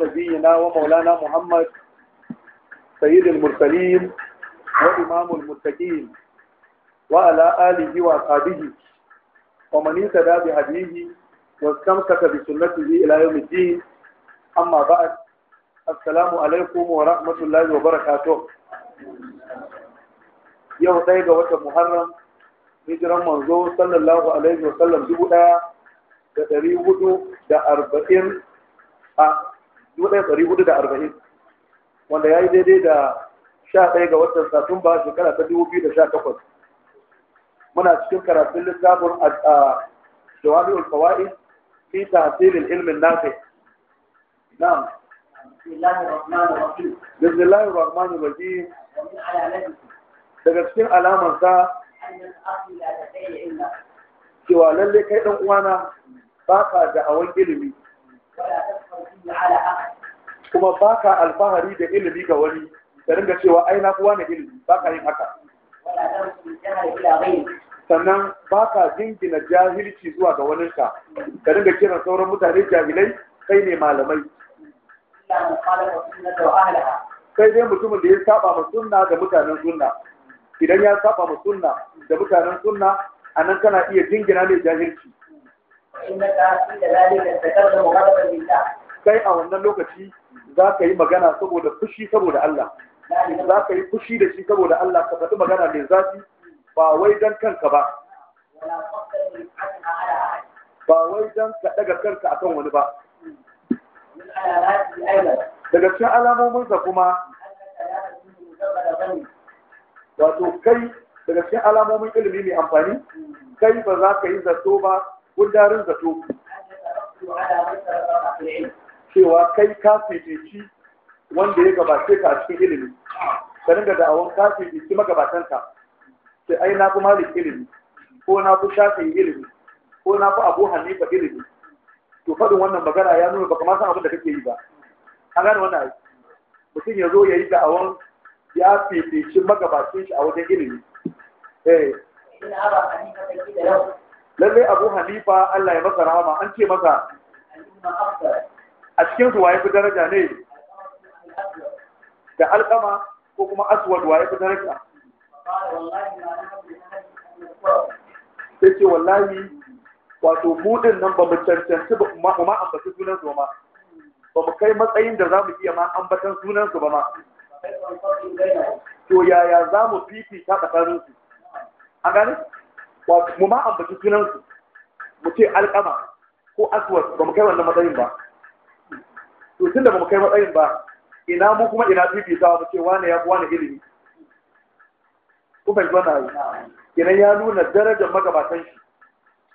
ونبينا ومولانا محمد سيد المرسلين وإمام المتقين وعلى آله وأصحابه ومن اهتدى بهديه واستمسك بسنته إلى يوم الدين أما بعد السلام عليكم ورحمة الله وبركاته yau ɗaya ga watan Muharram hijiran manzo sallallahu alaihi wa sallam dubu ɗaya da ɗari hudu da arba'in a 1440 wanda ya yi daidai da 11 ga watan satumba shekara ta 2018 muna cikin karatun littafin a jawami'ul fawaid fi tahsilil ilmin nafi na'am bismillahir rahmanu rahim daga cikin alamansa sa cewa lalle kai ɗan uwana ba ka da awon ilimi kuma ba ka alfahari da ilimi ga wani da ringa cewa ai na kuwa na ilimi ba ka yin haka sannan ba ka jingina jahilci zuwa ga waninka ka ringa kiran sauran mutane jahilai kai ne malamai sai dai mutumin da ya saba ma sunna da mutanen sunna idan ya saba ma sunna da mutanen sunna a nan kana iya jingina mai jahilci kai a wannan lokaci za ka yi magana saboda fushi saboda Allah za ka yi fushi da shi saboda Allah ka faɗi magana mai zafi ba wai don kanka ba ba wai don ka ɗaga kanka a kan wani ba daga cikin alamominsa kuma wato kai daga cikin alamomin ilimi mai amfani kai ba za ka yi zato ba gundarin zato cewa kai ka fifici wanda ya gabace ka a cikin ilimi ka dinga da'awan ka fifici magabatanka sai ai na fi malik ilimi ko na fi shafin ilimi ko na fi abu hanifa ilimi to faɗin wannan magana ya nuna baka ma san abin da kake yi ba an gane wannan aiki mutum ya zo ya yi da'awan ya fifici magabacin shi a wajen ilimi eh lallai abu hanifa Allah ya masa rahama an ce masa a cikin su waye fi daraja ne da alƙama ko kuma aswad waye fi daraja sai ce wallahi wato budin nan ba mu cancanci ba ma ambaci sunan su ma ba mu kai matsayin da za mu iya ma ambatan sunan su ba ma to yaya za mu ta tsakanin su a gani mu ma ambaci sunan su mu ce alƙama ko aswad ba mu kai wannan matsayin ba to tun da ba mu kai matsayin ba ina mu kuma ina fifitawa mu ce wane ya wane ilimi Kuma bai yi, nayi kenan ya nuna darajar magabatan shi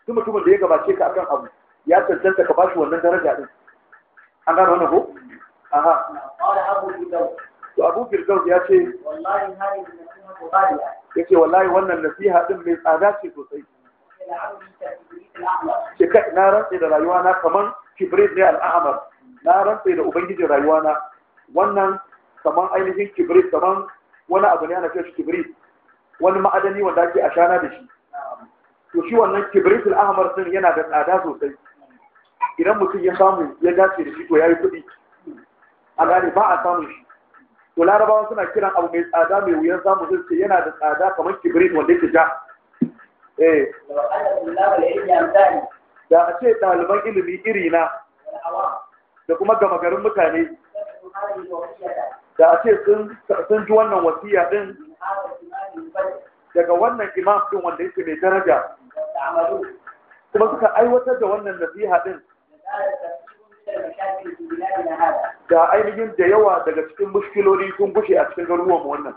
duk mutumin da ya gabace ka akan abu ya cancanta ka shi wannan daraja din an gano wannan ko aha to abu girgau ya ce ya ce wallahi wannan nasiha din mai tsada ce sosai ce kai na rantse da rayuwa na kaman kibrit ne al'amar na rantse da ubangijin rayuwa na wannan saman ainihin kibrit saman wani abu ne ana cewa kibrit wani ma'adani wanda ake ashana da shi to shi wannan kibritul ahmar din yana da tsada sosai idan mutum ya samu ya dace da shi to yayi kuɗi a gane ba a samu shi to larabawa suna kiran abu mai tsada mai wuyan samu sun ce yana da tsada kamar kibrit wanda yake ja eh da a ce ɗaliban ilimi iri na da kuma gama garin mutane da a ce sun ji wannan wasiya din daga wannan imam din wanda yake mai daraja kuma suka aiwatar da wannan nasiha din da ainihin da yawa daga cikin mushkiloli sun gushe a cikin garuruwan wannan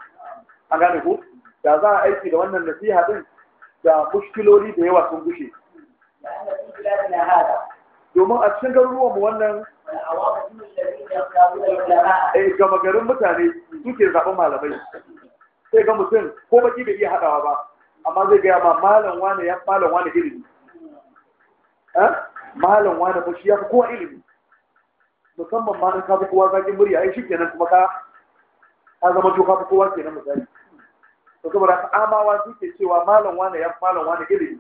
a gane ku da za a aiki da wannan nasiha din da mushkiloli da yawa sun gushe domin a cikin garuruwan mu wannan eh gama garin mutane suke zaɓen malamai sai ga mutum ko baki bai iya haɗawa ba amma zai gaya ma malam wane ya malam wane ilimi eh? malam wane ba shi ya fi kowa ilimi musamman ma in ka fi kowa zaƙin murya ai kenan kuma ka ka zama to ka fi kowa kenan misali to saboda amawa suke cewa malam wane ya malam wane ilimi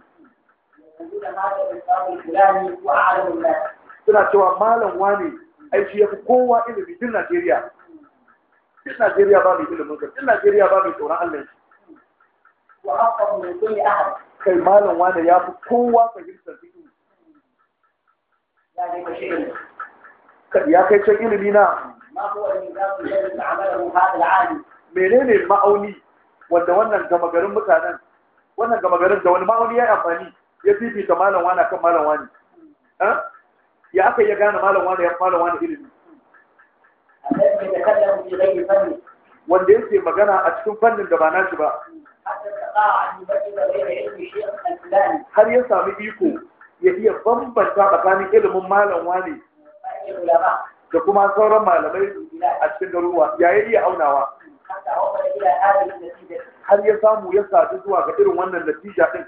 suna cewa malam wani aiki ya fi kowa ilimi din Najeriya din Najeriya ba mai ilimin ka din Najeriya ba mai tsoron Allah shi kai malam wani ya fi kowa fahimtar fiƙi ya kai can ilimi na menene ma'auni wanda wannan gama garin mutanen wannan gama garin da wani ma'auni ya yi amfani ya fifita malam wani akan malam wani ya aka ya gane malam wani ya malam wani ilimi wanda yake magana a cikin fannin da ba nashi ba har ya sami iko ya iya bambanta tsakanin ilimin malam wani da kuma sauran malamai a cikin garuruwa ya iya aunawa har ya samu ya sadu zuwa ga irin wannan natija din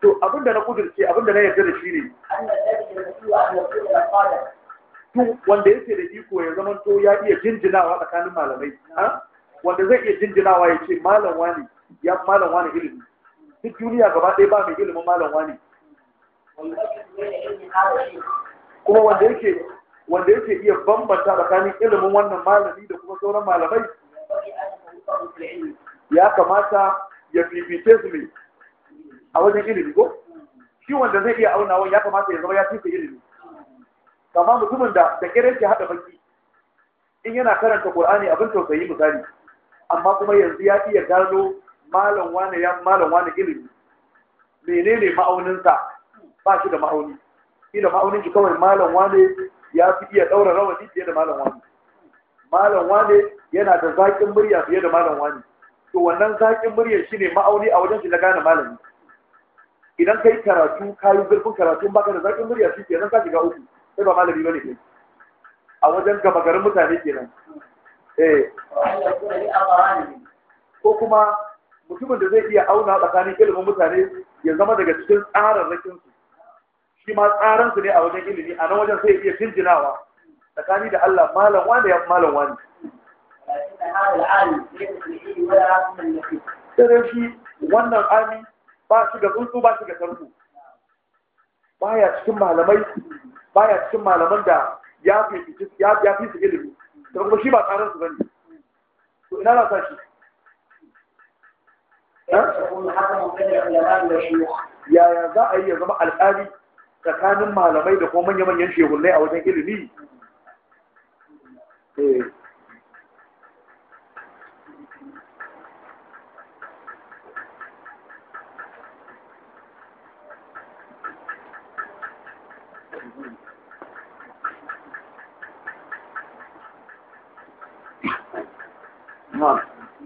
to abinda na kudurce abinda na yarda da shi ne To wanda yake da iko ya zama to ya iya jinjinawa tsakanin malamai wanda zai iya jinjinawa ya ce malam wani ya malam wani ilimi duk duniya gaba ɗaya ba mai ilimin malam wani kuma wanda yake wanda yake iya bambanta tsakanin ilimin wannan malami da kuma sauran malamai ya kamata ya fifice su ne a wajen ilimi ko shi wanda zai iya aunawa ya kamata ya zama ya fi ilimi kama mutumin da da kiran ke haɗa baki in yana karanta qur'ani abin tausayi misali amma kuma yanzu ya iya gano malam wane ya malam wane ilimi menene ma'auninsa ba shi da ma'auni ila ma'aunin shi kawai malam wane ya fi iya ɗaura rawani fiye da malam wane malam wane yana da zaƙin murya fiye da malam wane to wannan zaƙin muryar shi ne ma'auni a wajen shi na gane malami idan ka yi karatu ka yi zurfin karatu baka da zaƙin murya shi kenan ka shiga uku sai ba malami bane kai a wajen gaba garin mutane kenan eh ko kuma mutumin da zai iya auna tsakanin ilimin mutane ya zama daga cikin tsararrakin su shi ma tsaran su ne a wajen ilimi a nan wajen sai ya iya jinjinawa tsakani da Allah malam wani ya malam wani sai dai shi wannan ami ba shi ga tsuntsu ba shi ga tarko baya cikin malamai baya cikin malaman da ya fi ya fi su ilimi da kuma shi ba tsarin su bane to ina na sa shi yaya za a yi ya zama alƙali tsakanin malamai da kuma manya-manyan shehunai a wajen ilimi eh.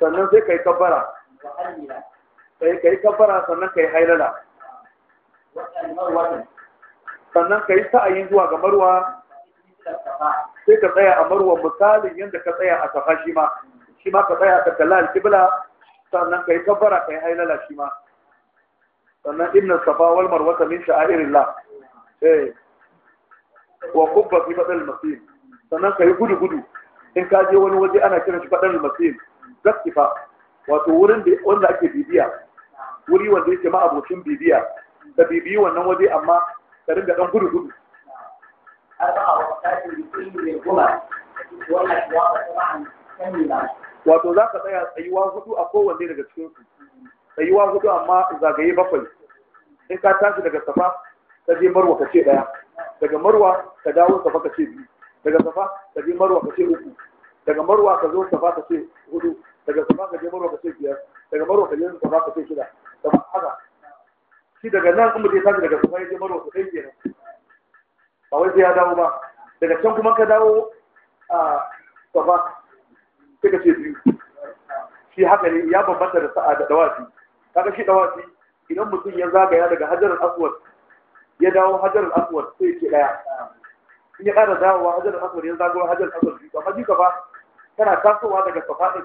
sannan sai kai kabbara kai kai kabbara sannan kai hailala sannan kai sa'ayi zuwa ga marwa sai ka tsaya a marwa misalin yadda ka tsaya a safa shi ma shi ma ka tsaya ka kalla al-qibla sannan kai kabbara yi hailala shi ma sannan inna safa wal marwa min sha'irillah eh wa kubba fi masu masjid sannan kai gudu gudu in ka je wani waje ana kiran shi masu masjid zakkifa wato wurin da wanda ake bibiya wuri wanda yake ma'abocin bibiya da bibiyi wannan waje amma ka ringa ɗan gudu gudu wato za ka tsaya tsayuwa hudu a kowanne daga cikin su tsayuwa hudu amma zagaye bakwai sai ka tashi daga safa ka je marwa ka ce daya daga marwa ka dawo safa ka ce biyu daga safa ka je marwa ka ce uku daga marwa ka zo safa ka ce hudu daga safa ka je marwa ka ce biyar daga marwa ka je safa ka ce shida da haka shi daga nan kuma mutum ya tashi daga safa ya je marwa ka kai kenan ba wai sai ya dawo ba daga can kuma ka dawo a tafa sai ka ce biyu shi haka ne ya bambanta da sa'a da dawasi kaga shi dawasi idan mutum ya zagaya daga hajar aswad ya dawo hajar aswad sai ya ce daya in ya ƙara dawowa hajar aswad ya zagawa hajar aswad ka ji ka ba kana tasowa daga safa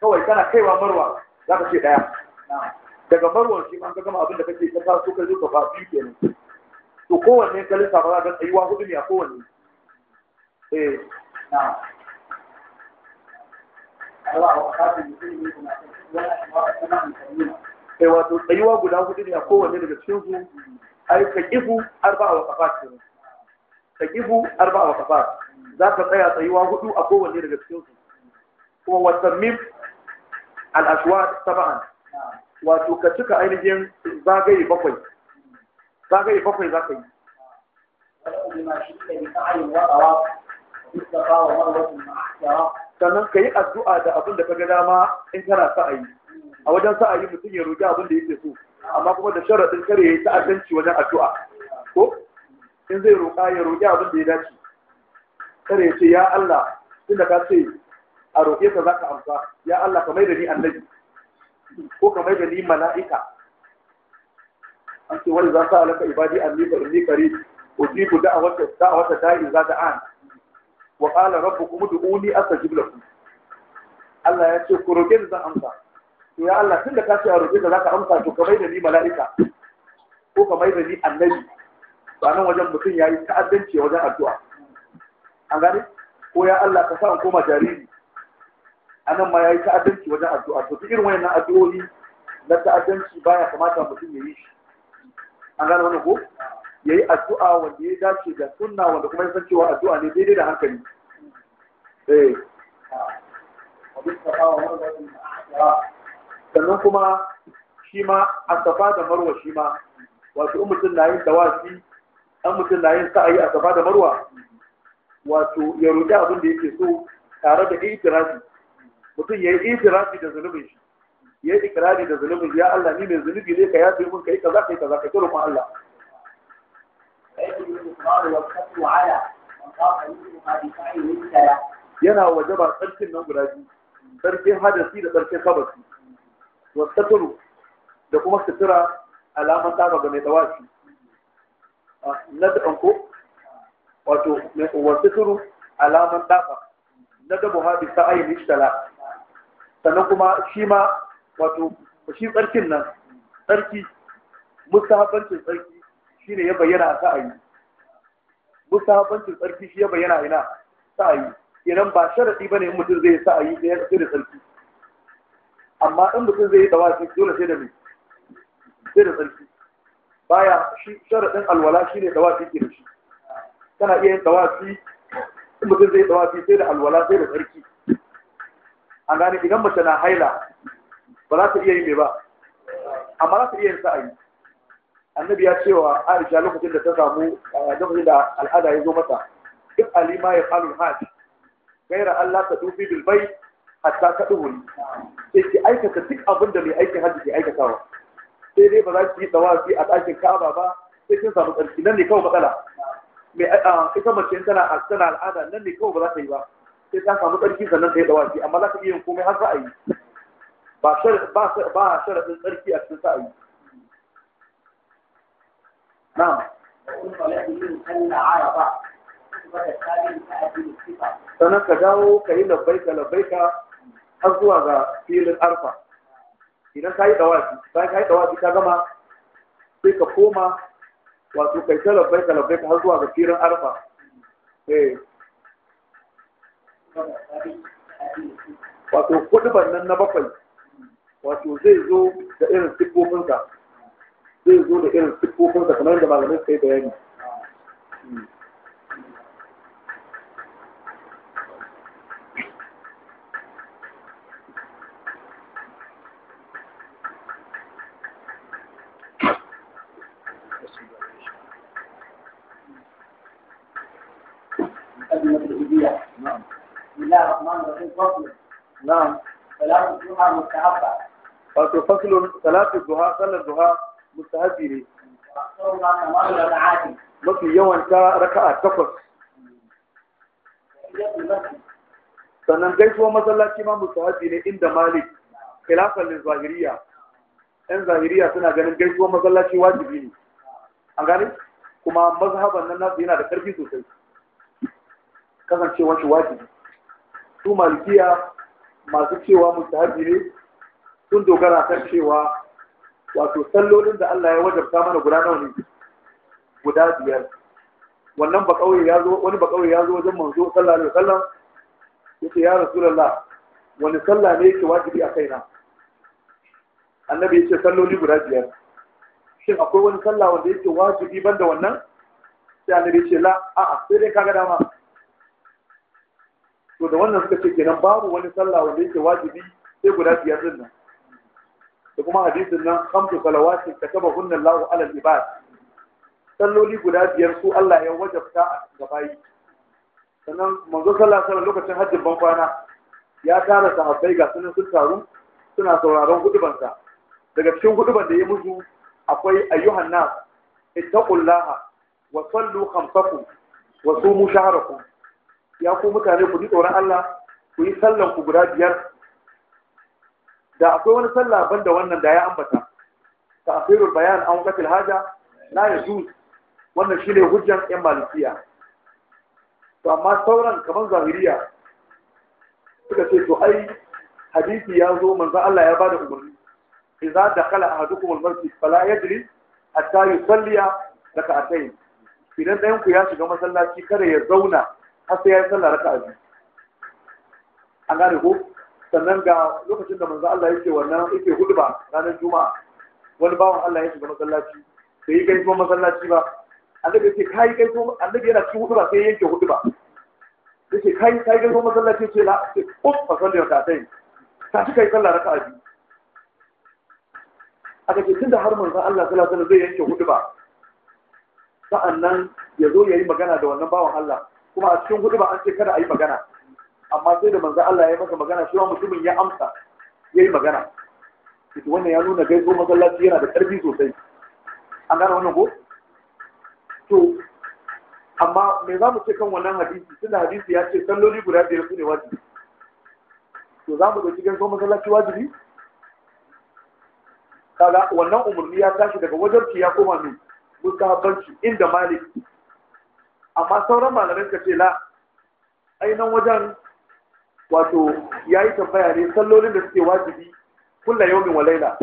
kawai kana kaiwa marwa za ka ce ɗaya daga marwan shi ma ka gama abin da kake ka taso ka zo safa biyu nan. to kowanne ka lissafa za ka tsayuwa hudu ne a kowanne eh na'am eh, sai wato tsayuwa guda hudu ne a kowanne daga cikin su ai ka kifu arba'a wa kafat ka kifu arba'a wa kafat za ka tsaya tsayuwa hudu a kowanne daga su kuma wasannin al'ashuwa saba'an wato ka cika ainihin zagaye bakwai zagaye bakwai za ka yi sannan ka yi addu'a da abin da ka ga dama in kana sa'ayi a wajen sa'ayi mutum ya roƙi abin da yake so amma kuma da sharaɗin kare ya yi ta'addanci wajen addu'a ko in zai roƙa ya roƙi abin da ya dace kare ce ya Allah da ka ce a roƙe ka za ka amsa ya Allah ka mai da ni annabi ko ka mai da ni mala'ika an ce wani za ka alaka ibadi an fa inni qarib ujibu da'wata da'wata da'i za an wa kuma da ud'uni asa lakum Allah ya ce ku roƙe ni zan amsa to ya Allah tunda ka ce a roƙe ka za ka amsa to ka mai da ni mala'ika ko ka mai da ni annabi ba nan wajen mutum ya yi ta'addanci wajen addu'a an gane ko ya Allah ka sa in koma jariri anan ma yayi ta'addanci wajen addu'a to duk irin wayannan addu'o'i na ta'addanci baya kamata mutum ya yi shi an gane wannan ko yayi addu'a wanda ya dace da sunna wanda kuma ya san cewa addu'a ne daidai da hankali eh sannan kuma shi ma a safa da marwa shi ma wato in mutum na yin dawasi an mutum na yin sa'ayi a safa da marwa wato ya roƙi abin da yake so tare da itirafi mutum ya yi itirafi da zunubin shi ya yi ikirari da zunubin ya Allah ni mai zunubi ne ka yafe mun kai kaza kai kaza ka ta roƙon Allah yana waje ba tsarkin nan guda biyu tsarkin hadasi da tsarkin wasu wasaturu da kuma sutura alaman taba ga mai tawashi ah, na da ɗanko wato mai wa turu alaman dafa na da buhabi ta ayin ishtala sannan kuma shi ma wato shi tsarkin nan tsarki mustahabancin tsarki shi ne ya bayyana a sa'ayi mustahabancin tsarki shi ya bayyana ina sa'ayi idan ba sharaɗi ba in mutum zai sa'ayi da ya da tsarki amma in mutum zai yi da wasu dole sai da mai sai da tsarki baya shi sharadin alwala shine dawafi ke da shi kana iya yin tawafi in mutum zai tawafi sai da alwala sai da tsarki an gane idan mace na haila ba za ta iya yi mai ba amma za ta iya yin sa'ayi annabi ya cewa Aisha lokacin da ta samu lokacin da al'ada ya zo mata duk alima ya falu hajj gaira Allah ta dubi bilbai, hatta ta duhuri sai ki aikata duk abin da mai aikin hajji ke aikatawa sai dai ba za ki yi tsawafi a ɗakin Ka'aba ba sai kin samu tsarki nan ne kawai matsala mai ita mace tana tana al'ada nan ne kawai ba za ta yi ba sai ta samu tsarki sannan ta yi dawaki amma za ka iya yin komai har za a yi ba a sharaɗin tsarki a cikin sa'ayi na sannan ka dawo ka yi labbaika labbaika har zuwa ga filin arfa idan ka yi dawaki bayan ka yi dawaki ka gama sai ka koma wato kai ta labbai ka labbai ka har zuwa ga firin arfa eh wato kuduban bannan na bakwai wato zai zo da irin ka zai zo da irin ka kamar yadda malamai sai bayani hmm. na'am salatu duha mustahabba wato faslun salatu duha sallar duha mustahabbi ne mafi yawan ta raka'a takwas sannan gaisuwar masallaci ma mustahabbi ne inda malik khilafan lil zahiriya yan zahiriya suna ganin gaisuwar masallaci wajibi ne an gane kuma mazhaban nan nasu yana da karfi sosai kasancewar shi wajibi su malikiya masu cewa mustahabi ne sun dogara kan cewa wato sallolin da Allah ya wajabta mana guda nawa ne guda biyar wannan ba kauye ya zo wani ba kauye ya zo wajen manzo sallallahu alaihi wasallam yace ya rasulullah wani sallah ne yake wajibi a kaina annabi yace salloli guda biyar shin akwai wani sallah wanda yake wajibi banda wannan sai annabi yace la a'a sai dai kaga dama to da wannan suka ce kenan babu wani sallah wanda yake wajibi sai guda biyar din nan da kuma hadisin nan khamsu salawati hunna Allah ala al-ibad salloli guda biyar su Allah ya wajabta ga bayi sannan manzo sallallahu alaihi lokacin hajjin ban kwana ya tara sahabbai ga sunan sun taru suna sauraron hudubansa daga cikin huduban da ya muzu akwai ayyuhan nas ittaqullaha wa sallu khamsakum wa sumu shahrakum ya ku mutane ku ji tsoron Allah ku yi sallan ku guda biyar da akwai wani sallah banda wannan da ya ambata ta asirul bayan an wakatil haja la yajuz wannan shine hujjan yan malikiya to amma sauran kamar zahiriya suka ce to ai hadisi ya zo manzo Allah ya bada umarni idza dakala ahadukum al-masjid fala yajlis hatta yusalli rak'atayn idan ɗayanku ku ya shiga masallaci kada ya zauna har sai ya yi sallah raka'a biyu an gane ko sannan ga lokacin da manzo Allah yake wannan yake hudba ranar juma'a wani bawan Allah ya shiga masallaci bai yi gaisuwa masallaci ba annabi yake kai gaisuwa annabi yana cikin hudba sai yanke hudba yake kai kai gaisuwa masallaci ce la ce uf fa sallar ka sai ka ci kai sallah raka'a biyu aka ce tunda har manzo Allah sallallahu alaihi wasallam zai yanke hudba sa'annan ya zo ya yi magana da wannan bawan Allah kuma a cikin hudu ba an ce kada a yi magana amma sai da manzo Allah ya masa magana shi mutumin ya amsa ya yi magana ita wannan ya nuna gaiso masallaci yana da ƙarfi sosai an gane wannan ko to amma me za mu ce kan wannan hadisi tunda hadisi ya ce salloli guda biyar su ne wajibi to za mu ɗauki gaiso masallaci wajibi kaga wannan umarni ya tashi daga wajen ya koma mai mustahabbanci inda malik amma sauran malamai ka ce la ainihin wajen wato ya yi tambaya ne sallolin da suke wajibi kulla min walaila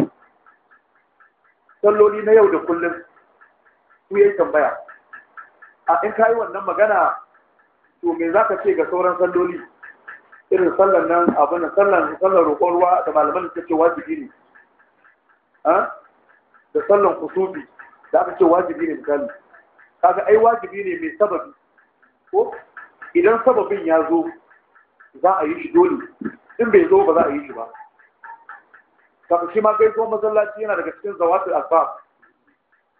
salloli na yau da kullum su ya yi tambaya a in ka yi wannan magana to me za ka ce ga sauran salloli irin sallan nan abin sallan sallan roƙon ruwa da malaman suka ce wajibi ne da sallan kusufi da aka ce wajibi ne misali kaga ai wajibi ne mai sababi ko idan sababin ya zo za a yi shi dole in bai zo ba za a yi shi ba kafin shi ma kai zo masallaci yana daga cikin zawatul asbab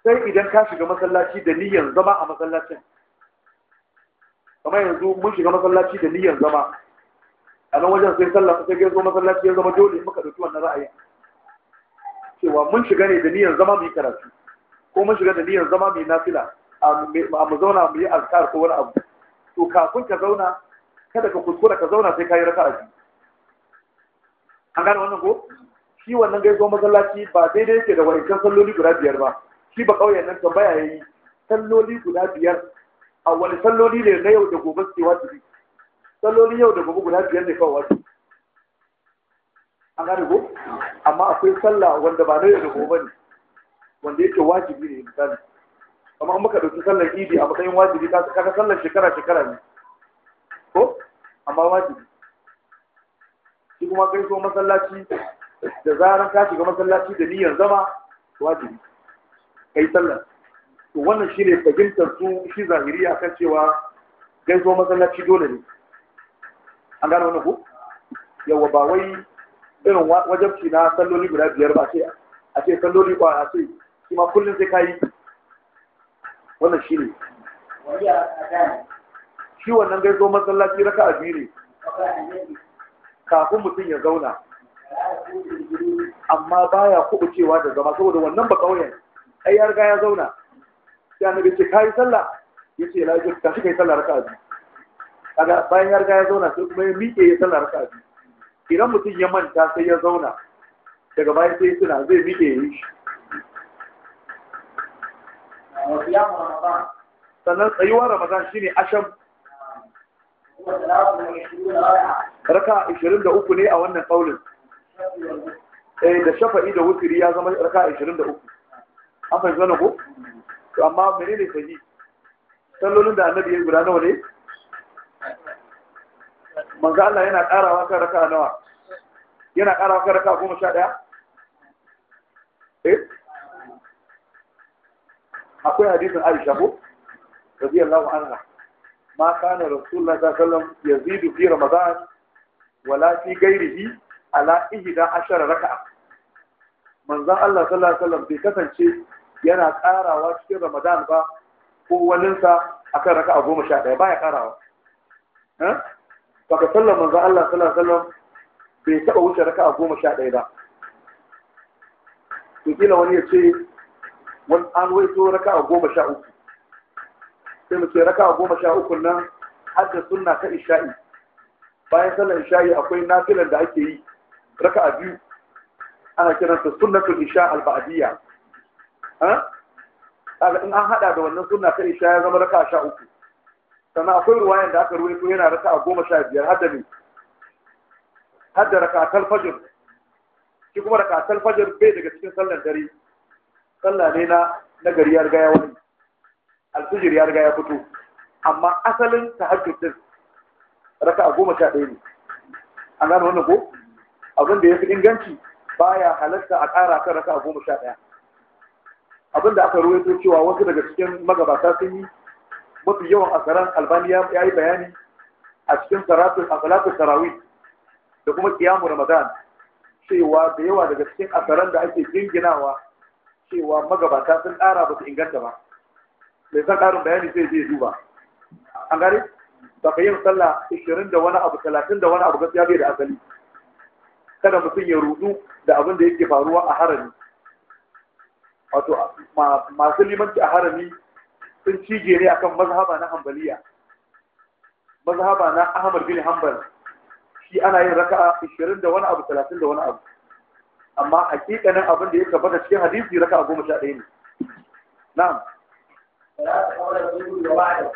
sai idan ka shiga masallaci da niyyar zama a masallacin kamar yanzu mun shiga masallaci da niyyar zama a nan wajen sai sallah sai kai zo masallaci ya zama dole in muka dauki wannan ra'ayin cewa mun shiga ne da niyyar zama mu yi karatu ko mun shiga da niyyar zama mu yi nafila mu zauna mu yi alkar ko wani abu to kafin ka zauna kada ka kuskura ka zauna sai ka yi raka'a biyu an gane wannan ko shi wannan gaisuwar masallaci ba daidai yake da wa'incan salloli guda biyar ba shi ba kauyen nan tambaya yayi salloli guda biyar a wani salloli ne na yau da gobe suke wajibi salloli yau da gobe guda biyar ne kawai wajibi an gane ko amma akwai sallah wanda ba na yau da gobe ne wanda yake wajibi ne misali amma muka ɗauki sallar idi a matsayin wajibi kaga sallar shekara shekara ne ko amma wajibi shi kuma so masallaci da zaran ka shiga masallaci da niyyar zama wajibi kai sallar to wannan shi ne fahimtar su shi zahiri a kan cewa gaiso masallaci dole ne an gano wani ku yawa ba wai irin wajabci na salloli guda biyar ba ce a ce salloli ba a ce shi ma kullum sai ka yi wannan shi ne shi wannan gai zo masallaci raka a biyu ne kafin mutum ya zauna amma baya cewa da zama saboda wannan ba ƙauyen. ai ya riga ya zauna Ya annabi ce ka yi sallah ya ce ji ka shi kai sallah raka'a biyu kaga bayan ya riga ya zauna sai kuma ya miƙe ya sallah raka'a biyu idan mutum ya manta sai ya zauna daga bayan sai suna zai miƙe ya yi shi sannan tsayuwar ramadan shine asham raka 23 ne a wannan kaulin eh da shafa'i da wutiri ya zama raka 23 an fahimci wannan ko to amma menene sahi sallolin da annabi ya guda nawa ne manzo Allah yana karawa kan raka nawa yana karawa kan raka 11 eh akwai hadisin Aisha ko radiyallahu anha ma kana rasulullah sallallahu alaihi wasallam yazidu fi ramadan wala fi ghairihi ala ihda ashara raka'a manzon Allah sallallahu alaihi wasallam bai kasance yana karawa cikin ramadan ba ko walinsa akan raka'a goma sha ɗaya baya karawa eh? baka sallar manzon Allah sallallahu alaihi wasallam bai taɓa wuce raka'a goma sha ɗaya ba to kila wani ya ce wani an wai so raka a goma sha uku sai mu ce raka a goma sha uku nan hadda sunna ta isha'i bayan sallar isha'i akwai nafilan da ake yi raka a biyu ana kiransa sunnatul isha al-ba'diyya kaga in an hada da wannan sunna ta isha ya zama raka a sha uku sannan akwai ruwayan da aka ruwaito yana raka a goma sha biyar hadda ne hadda raka a talfajir shi kuma raka a talfajir bai daga cikin sallar dare sallah ne na na gari ya riga ya wani alfijir ya riga ya fito amma asalin tahajjud din raka'a goma sha ɗaya ne an gano wannan ko abin da ya fi inganci baya halatta a ƙara kan raka'a goma sha ɗaya abin da aka ruwaito cewa wasu daga cikin magabata sun yi mafi yawan asaran albani ya yi bayani a cikin saratun asalatun sarawi da kuma kiyamu ramadan cewa da yawa daga cikin asaran da ake jinginawa cewa magabata sun ƙara ba su inganta ba mai san ƙarin bayani zai je duba an gane ba ka yin sallah ishirin da wani abu talatin da wani abu gaskiya bai da asali kada mutum ya rudu da abin da yake faruwa a harami wato masu limanci a harami sun cije ne akan mazhaba na hambaliya mazhaba na ahmad bin hanbal shi ana yin raka'a ishirin da wani abu talatin da wani abu amma hakikanin abin da ya tabbata cikin hadisi raka goma sha ɗaya ne na'am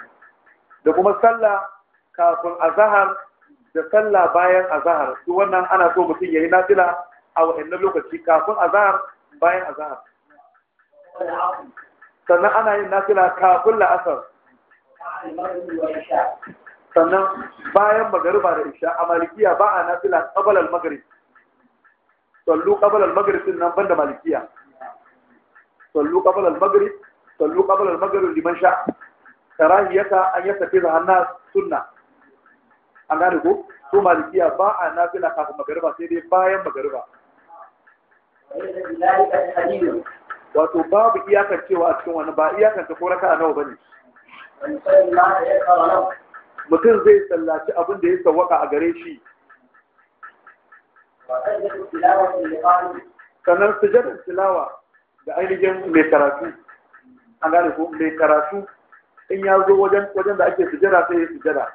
da kuma sallah kafin azahar da sallah bayan azahar su wannan ana so mutum ya yi nafila a wa'annan lokaci kafin azahar bayan azahar sannan ana yin nafila kafin la'asar sannan bayan magariba da isha a malikiya ba a nafila qabala al-maghrib sallu قبل المغرب maghrib بند مالكية banda قبل sallu صلوا قبل المغرب sallu qabl al-maghrib liman sha karahiyata an yattakhidha sunna an gane ko su ba a kafin wato babu iyakar cewa a cikin wani ba iyakar ta koraka a nawa ne mutum zai tsallaci abin da ya sawaka a gare shi sannan sujadar tilawa da ainihin mai karatu an gane ko mai karatu in ya zo wajen da ake sujada sai ya sujada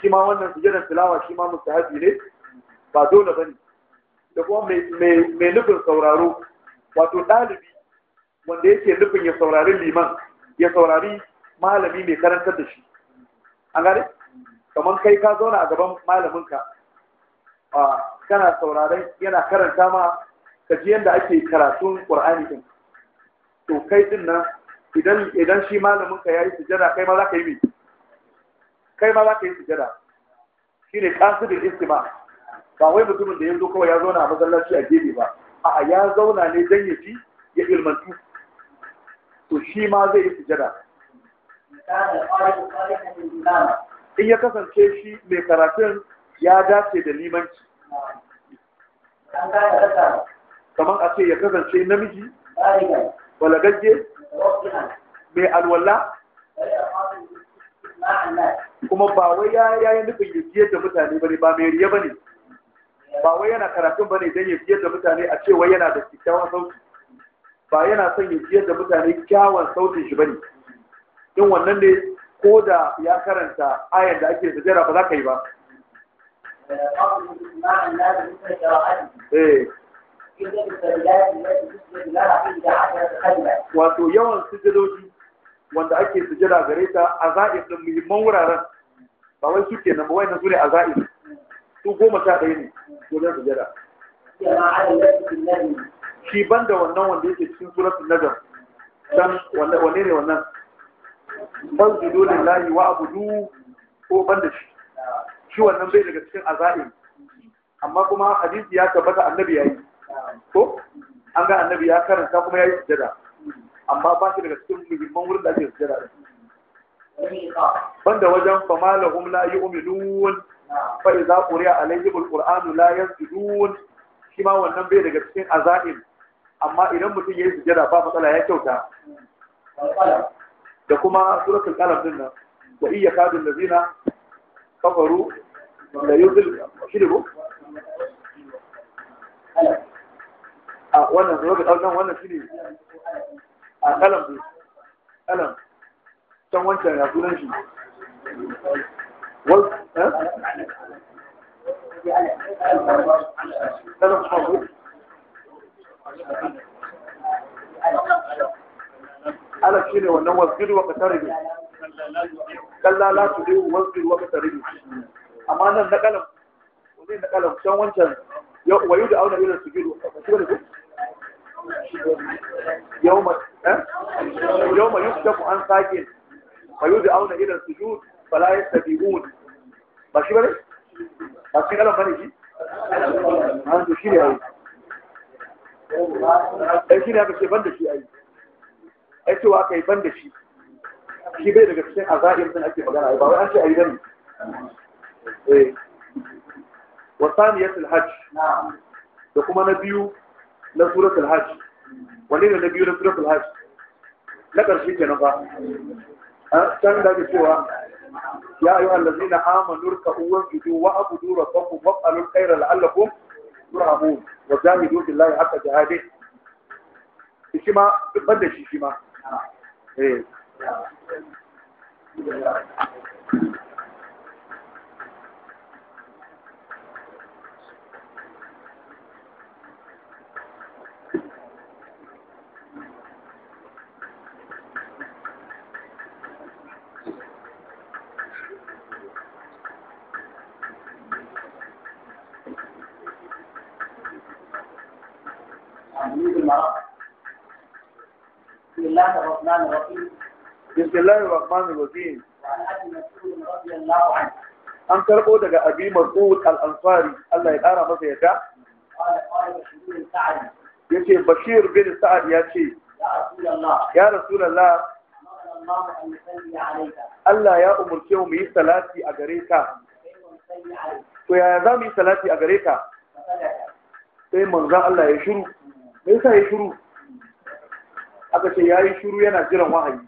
shi ma wannan sujadar tilawa shi ma mustahabi ne ba dole ba ne da kuma mai nufin sauraro wato ɗalibi wanda yake nufin ya saurari liman ya saurari malami mai karantar da shi an gane kamar kai ka zauna a gaban malaminka kana sauraron yana karanta ma ka ji yadda ake karatun qur'ani din to kai din nan idan idan shi malamin ka yayi sujada kai ma za ka yi kai ma za ka yi sujada shine qasidul istima ba wai mutumin da ya zo kawai ya zauna a masallaci a gefe ba a'a ya zauna ne dan ya ci ya ilmantu to shi ma zai yi sujada in ya kasance shi mai karatun ya dace da limanci kamar a ce ya kasance namiji balagagge mai alwala kuma ba wai ya yi nufin ya fiye da mutane ba ne ba mai riya ba ne ba wai yana karatun ba ne don ya fiye da mutane a ce wai yana da kyakkyawan sauti ba yana son ya fiye da mutane kyawun sautin shi ba ne in wannan ne ko da ya karanta ayan da ake sujera ba za ka yi ba Eh. wato yawan sujadoji wanda ake sujada gare ta a za'ir da muhimman wuraren ba wai suke nan bawai na zure a za'ir su goma sha ɗaya ne wajen sujada shi ban da wannan wanda yake cikin suratul nazar dan wanne ne wannan ban su dole lahi wa abudu ko ban da shi ciwon nan bai daga cikin aza'in amma kuma hadisi ya tabbata annabi ya yi ko an ga annabi ya karanta kuma ya yi sujada amma ba shi daga cikin muhimman wurin da ake sujada banda wajen fama lahum la yu'minun fa idza quri'a alayhi alquran la yasjudun shi ma wannan bai daga cikin azaim amma idan mutum ya yi sujada ba matsala ya kyauta da kuma suratul qalam din nan wa iyyaka bil ladina kafaru Wannan yuzil shi ne wannan shi ne a kalam ne kalam can wancan ya sunan shi wal eh shi ne wannan wa kasaribi kalla wa amma nan na kalam wani na kalam can wancan wayu da auna irin su gido yau mai ma eh? yuktafu an sakin wayu da auna irin su gido fala ya sabi ba shi bane ba shi kalam bane shi an to shi ne ai ai shi ne aka ce ban da shi ai ai cewa aka yi ban da shi shi bai daga cikin azaim din ake magana ba wai an ce ai dan wa saniyatul hajj da kuma na biyu na suratul hajj wanne ne na biyu na suratul hajj na ƙarshe kenan fa can da ake cewa يا أيها الذين آمنوا اركعوا وانجدوا وأبدوا ربكم وافعلوا الخير لعلكم ترحمون وجاهدوا في الله حتى جهاده شيما بدا شيما ايه الله الرحمن الرحيم بسم الله الرحمن الرحيم وعن an karɓo daga abi mas'ud al-ansari Allah ya ƙara masa yadda ya ce bashir bin sa'ad ya ce ya rasulallah Allah ya umarce mu yi salati a gare ka to yaya za mu yi salati a gare ka sai manzan Allah ya shiru me yasa ya shiru aka ce yi shuru yana jiran wahayi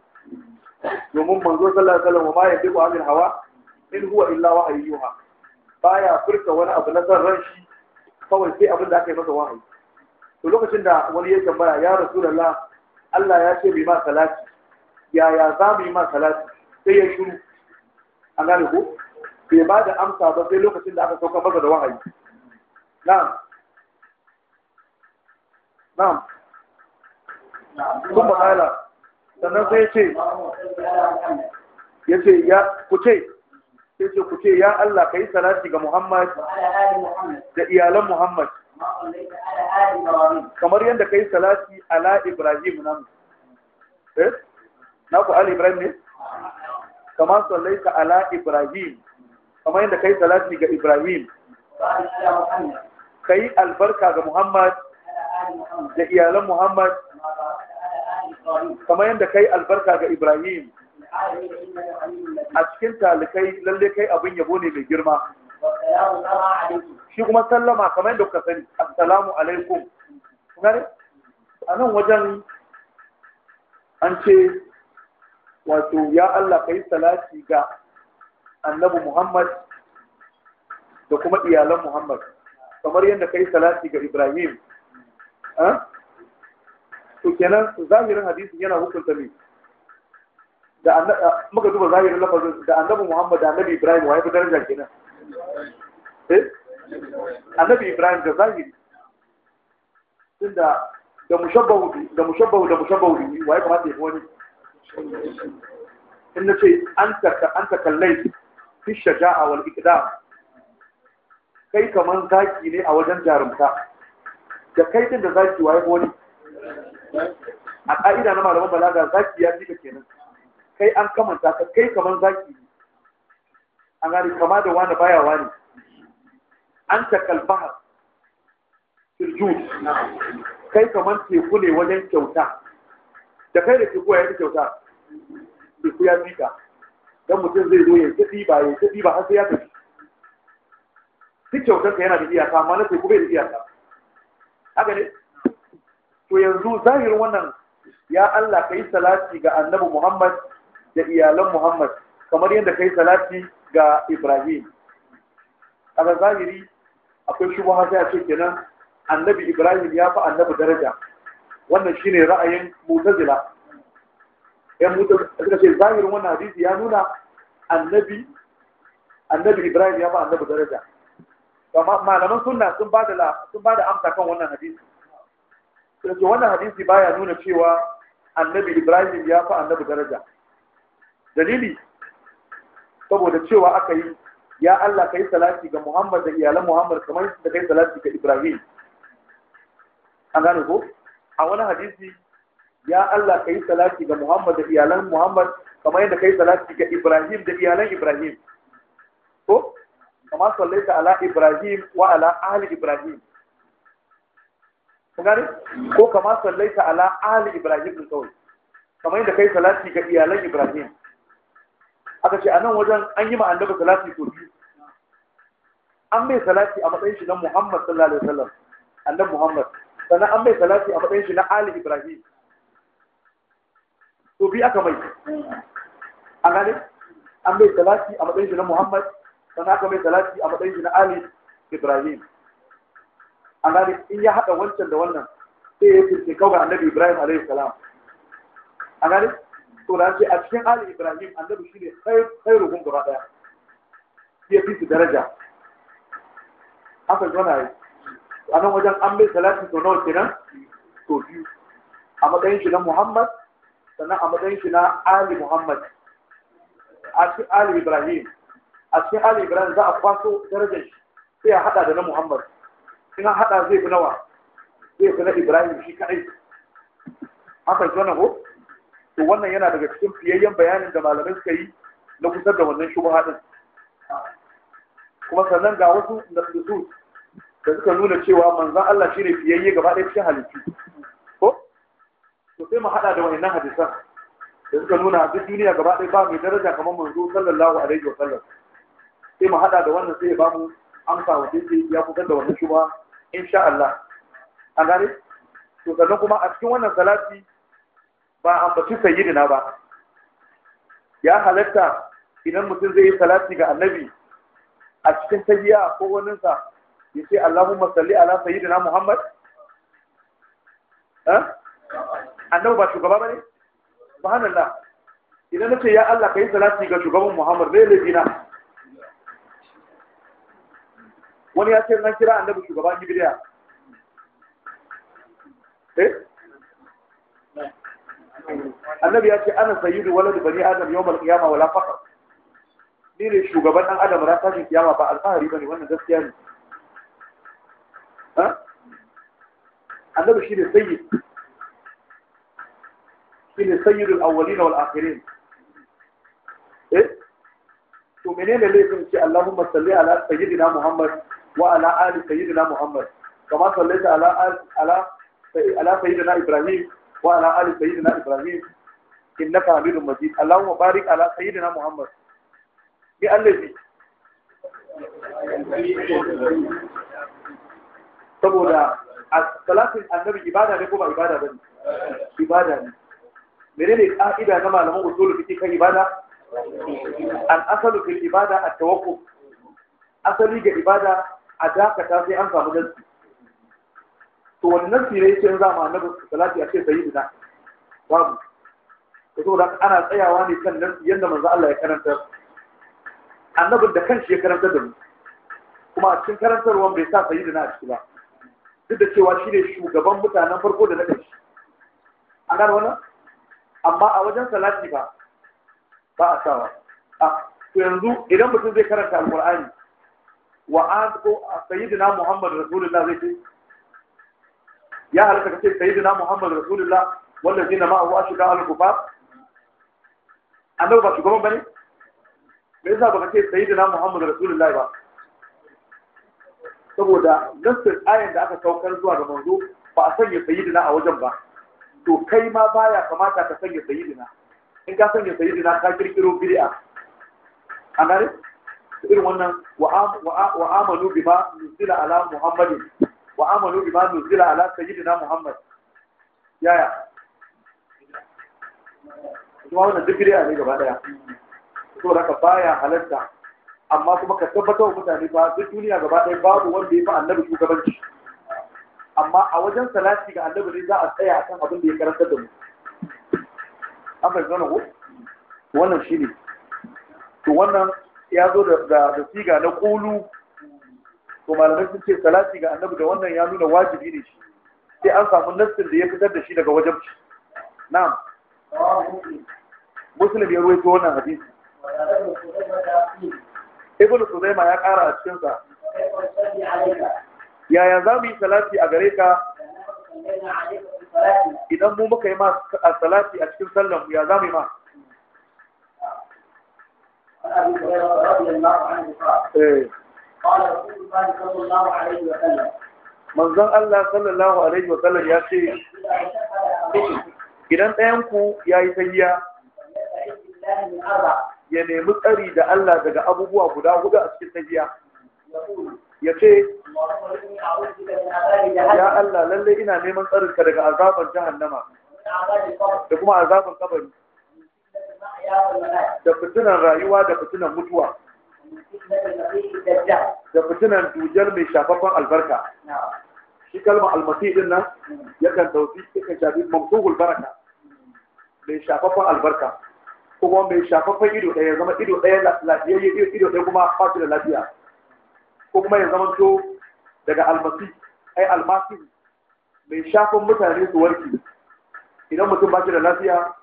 domin manzo sallallahu alaihi wasallam ba ya dubu amin hawa in huwa illa wahayi yuha baya furta wani abu na san ran shi kawai sai abin da aka yi masa wahayi to lokacin da wani ya tambaya ya rasulullah Allah ya ce bai ma salati yaya za mu yi ma salati sai ya shuru an gane ko bai ba da amsa ba sai lokacin da aka sauka masa da wahayi na'am na'am kuma kala sannan sai ce ya ce ya ku ce sai ce kuce ya Allah ka yi salati ga Muhammad da iyalan Muhammad kamar yadda ka yi salati ala Ibrahim nan eh na ku ala Ibrahim ne sallai ka ala Ibrahim kamar yadda ka yi salati ga Ibrahim ka yi albarka ga Muhammad da iyalan Muhammad kamar yadda kai albarka ga Ibrahim a cikin talikai lalle kai abin yabo ne mai girma shi kuma sallama kamar yadda kuka sani assalamu alaikum a nan wajen an ce wato ya Allah ka yi salati ga annabi Muhammad da kuma iyalan Muhammad kamar yadda ka yi salati ga Ibrahim to kenan zahirin hadisi yana hukunta mai, da muka duba zahirin lafazin da annabi Muhammad da annabi Ibrahim wa yafi daraja kenan eh annabi Ibrahim da zahiri tunda da mushabbahu da mushabbahu da mushabbahu wa yafi hadi wani in ce anta anta kallai fi shaja'a wal iqdam kai kaman zaki ne a wajen jarumta da kai din da zaki wa yafi wani a ƙa'ida na malaman balaga zaki ya ka kenan kai an kamanta ka kai kamar zaki ne an gani kama da wani baya wani an ta kalbaha firjus kai kamar teku ne wajen kyauta da kai da teku ya fi kyauta teku ya ka. dan mutum zai zo ya ta ɗiba ya ta ɗiba har sai ya tafi duk kyautar ka yana da iyaka amma na teku bai da iyaka haka ne to yanzu zahir wannan ya Allah kai salati ga annabi Muhammad da iyalan Muhammad kamar yadda kai salati ga Ibrahim A zahiri akwai shubha sai a ce kenan annabi Ibrahim ya fi annabi daraja wannan shine ra'ayin Mu'tazila yan Mu'tazila suka ce zahirin wannan hadisi ya nuna annabi annabi Ibrahim ya fi annabi daraja malaman sunna sun ba da sun ba da amsa kan wannan hadisi sai wannan hadisi baya nuna cewa annabi Ibrahim ya fi annabi daraja dalili saboda cewa aka yi ya Allah ka yi salati ga Muhammad da iyalan Muhammad kamar da kai salati ga Ibrahim an gane ko a wani hadisi ya Allah ka yi salati ga Muhammad da iyalan Muhammad kamar yadda kai salati ga Ibrahim da iyalan Ibrahim ko kama sallaita ala Ibrahim wa ala ahli Ibrahim kun gane ko kama sallaita ala ali ibrahim din kawai kamar yadda kai salati ga iyalan ibrahim aka ce a nan wajen an yi ma annabi salati to biyu an mai salati a matsayin shi na muhammad sallallahu alaihi wasallam annabi muhammad sannan an mai salati a matsayin shi na ali ibrahim to biyu aka mai A gane an mai salati a matsayin shi na muhammad sannan aka mai salati a matsayin shi na ali ibrahim a gane in ya haɗa wancan da wannan sai ya fice kau ga annabi ibrahim alaihi salam a gane to da ce a cikin ali ibrahim annabi shi ne khairu gun gaba ɗaya ya fi su daraja haka zona yi a nan wajen an bai salati to nawa kenan to biyu a matsayin shi na muhammad sannan a matsayin shi na ali muhammad a cikin ali ibrahim a cikin ali ibrahim za a kwaso darajar shi sai a haɗa da na muhammad in an haɗa zai fi nawa zai fi na ibrahim shi kaɗai an fahimci wannan ko to wannan yana daga cikin fiyayyen bayanin da malamai suka yi na kusa da wannan shubu din kuma sannan ga wasu nasu da suka nuna cewa manzan Allah shine fiyayye gaba ɗaya cikin halittu ko to sai mu haɗa da wayannan hadisan da suka nuna duk duniya gaba ɗaya ba mai daraja kamar manzo sallallahu alaihi wa sallam sai mu haɗa da wannan sai ya bamu amsa wa dinki ya kusa da wannan shubha insha Allah an gane to sannan kuma a cikin wannan salati ba ambaci sayyidina ba ya halatta idan mutum zai yi salati ga annabi a cikin tahiya ko sa ya ce Allahumma salli ala sayyidina Muhammad eh annabi ba shugaba bane subhanallah idan nace ya Allah kai salati ga shugaban Muhammad zai laifi na wani ya ce nan kira annabi shugaban gibiya eh annabi ya ce ana sayyidu walad bani adam yawmal qiyama wala faqr ni ne shugaban dan adam ran tashin kiyama ba alfahari bane wannan gaskiya ne ha annabi shine sayyid shine sayyidul awwalin wal akhirin eh to menene laifin ce Allahumma salli ala sayyidina Muhammad وعلى آل سيدنا محمد كما صليت على آل على على سيدنا إبراهيم وعلى آل سيدنا إبراهيم إنك حميد مجيد اللهم بارك على سيدنا محمد بألذي سبولا صلاة النبي عبادة لكم عبادة بني عبادة منين إذا نما لم أصول في تلك عبادة أن أصل في العبادة التوقف أصل في العبادة a dakata sai an samu nasi to wani nasi ne yake za mu annabi salati a ce sayyidina babu to saboda ana tsayawa ne kan nasi yadda manzo Allah ya karanta annabin da kanshi ya karanta da mu kuma a cikin karantarwar bai sa sayyidina a ciki ba duk da cewa shi ne shugaban mutanen farko da na ƙarshe a gano wannan amma a wajen salati ba ba a sawa a ah, to yanzu idan mutum zai karanta Alkur'ani. wa ko sayyidina Muhammad Rasulullah zai ce ya halatta kace sayyidina Muhammad Rasulullah wanda zina ma Allah shiga al-kufar annabi ba shugaban bane me yasa ba kace sayyidina Muhammad Rasulullah ba saboda nassar ayan da aka saukar zuwa ga manzo ba a sanya sayyidina a wajen ba to kai ma baya kamata ka sanya sayyidina in ka sanya sayyidina ka kirkiro bid'a a gare irin wannan wa amanu bima nuzila ala muhammadin wa amanu bima nuzila ala sayyidina muhammad yaya kuma wannan duk bid'a ne gaba daya to da ka baya halatta amma kuma ka tabbatar wa mutane ba duk duniya gaba daya babu wanda ya fi annabi shugabanci amma a wajen salati ga annabi ne za a tsaya akan abin da ya karanta da mu an bai zana ko wannan shine to wannan ya zo da siga na Kulu. to malamai sun ce salati ga annabi da wannan ya nuna wajibi ne shi sai an samu nassin da ya fitar da shi daga wajen shi na'am muslim ya ruwaito wannan hadisi ibnu sulaiman ya ƙara a cikin sa yaya za mu yi salati a gare ka idan mu muka yi ma salati a cikin sallan ya za mu yi ma Eh. manzon Allah sallallahu alaihi wasallam ya ce idan ɗayanku ku yi sayya ya nemi tsari da Allah daga abubuwa guda hudu a cikin sayya ya ce ya Allah lallai ina neman tsarinka daga azabar Nama, da kuma azabar kabari da fitinan rayuwa da fitinan mutuwa da fitinan dujar mai shafafan albarka shi kalma almasi din nan yakan dauki yakan shafi mamsuhul baraka mai shafafan albarka kuma mai shafafan ido ɗaya zama ido ɗaya lafiyayye ido ɗaya kuma ba da lafiya ko kuma ya zama to daga almasi ai almasi mai shafin mutane su warki idan mutum ba shi da lafiya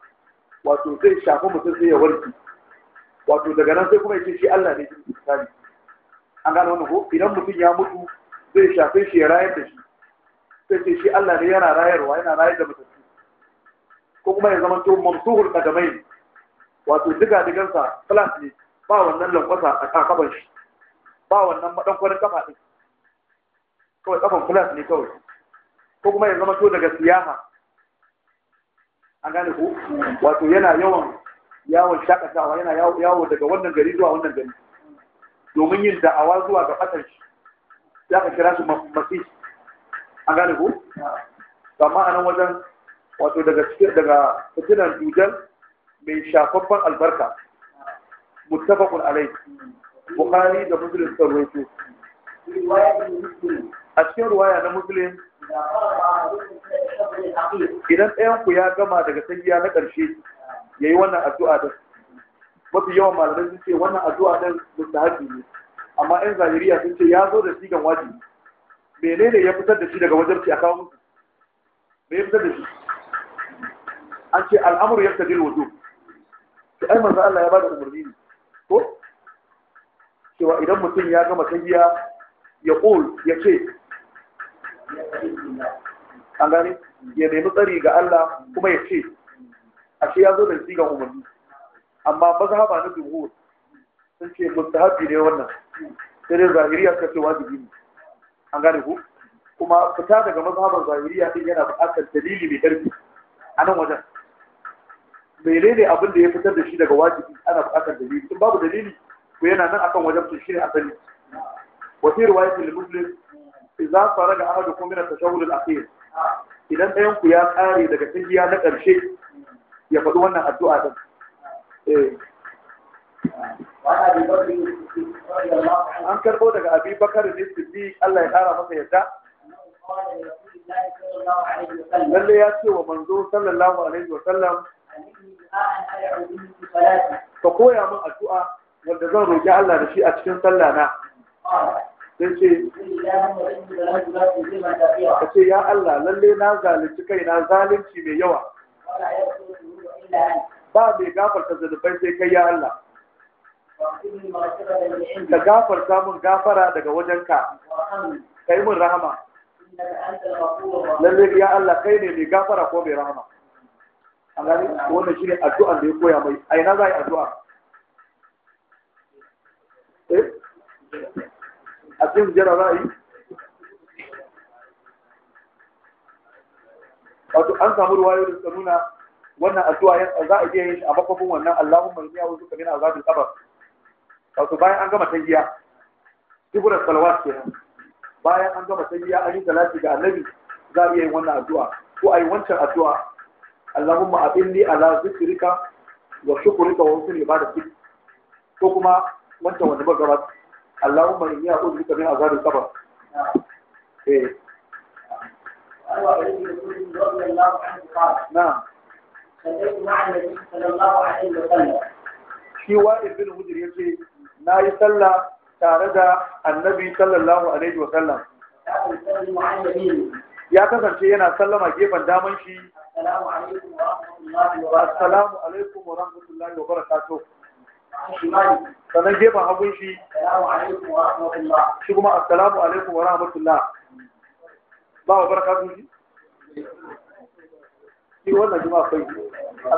wato zai shafi mutum sai ya warke wato daga nan sai kuma ya ce shi Allah ne jin misali an gano wannan ko idan mutum ya mutu zai shafe shi ya rayar da shi sai ce shi Allah ne yana rayarwa yana rayar da mutum ko kuma ya zama to mamsuhul qadamai wato diga digansa class ne ba wannan lankwasa a kakaban shi ba wannan madankwarin kafa din kawai kafan class ne kawai ko kuma ya zama to daga siyaha an gane ku wato yana yawan yawon shakatawa yana yawo daga wannan gari zuwa wannan gari domin yin da'awa zuwa ga fatan shi za ka kira su masu an gane ku ba a nan wajen wato daga cikin daga fitinan dujan mai shafaffen albarka muttafaqun alai bukari da musulun sun rawaito a cikin ruwaya na musulun idan ɗayan ku ya gama daga tsangiya na ƙarshe ya yi wannan addu'a din mafi yawan malamai sun ce wannan addu'a musta mustahabi ne amma yan zahiriya sun ce ya zo da sigan waji menene ya fitar da shi daga wajen wajibci a kawo musu me ya fitar da shi an ce al'amuru ya tafi wudu to ai manzo Allah ya bada umarni ne ko cewa idan mutum ya gama tsangiya ya ƙul ya ce an gane ya nemi tsari ga Allah kuma ya ce ashe ya zo da sigan umarni amma mazhaba na jumhur sun ce mustahabi ne wannan sai dai zahiriya suka ce wajibi ne an gane ku kuma fita daga mazhaban zahiriya din yana buƙatar dalili mai ƙarfi a nan wajen menene abin da ya fitar da shi daga wajibi ana buƙatar dalili in babu dalili ko yana nan akan wajen to shine asali wa fi riwayatil muslim idza faraga ahadukum min at-tashahhud al-akhir idan ɗayan ku ya ƙare daga tahiya na ƙarshe ya faɗi wannan addu'a ɗin. Eh. an karɓo daga abi bakar ne siddiq Allah ya ƙara masa yadda lalle ya ce wa manzo sallallahu alaihi wa sallam ka koya min addu'a wanda zan roƙi Allah da shi a cikin sallah na sai ce ka ce ya Allah lalle na zalunci kai na zalunci mai yawa ba mai gafarta zunubai sai kai ya Allah ka gafarta mun gafara daga wajenka ka yi mun rahama lalle ya Allah kai ne mai gafara ko mai rahama a gani wannan shi ne addu’a da ya koya mai aina ina za a yi addu'a eh? a cikin jira za a yi wato an samu ruwayo da suka nuna wannan addu'a za a iya yin a makwafin wannan Allahumma inni a'udhu bika min azabil qabr wato bayan an gama tayyiya tiburat salawat kenan bayan an gama tayyiya an yi salati ga annabi za a iya yin wannan addu'a ko a yi wancan addu'a Allahumma abinni ala zikrika wa shukrika wa husni ibadatik ko kuma wancan wanda ba gaba. Allahumma inni a'udhu bika min azabil qabr eh نعم مع النبي صلى الله عليه وسلم shi wa'il bin hujr yace na yi sallah tare da annabi sallallahu alaihi wa sallam ya kasance yana sallama gefen daman shi assalamu alaikum wa rahmatullahi wa barakatuh sannan gefen hagun shi shi kuma assalamu alaikum wa rahmatullah ba wa barka su shi shi wannan jima kai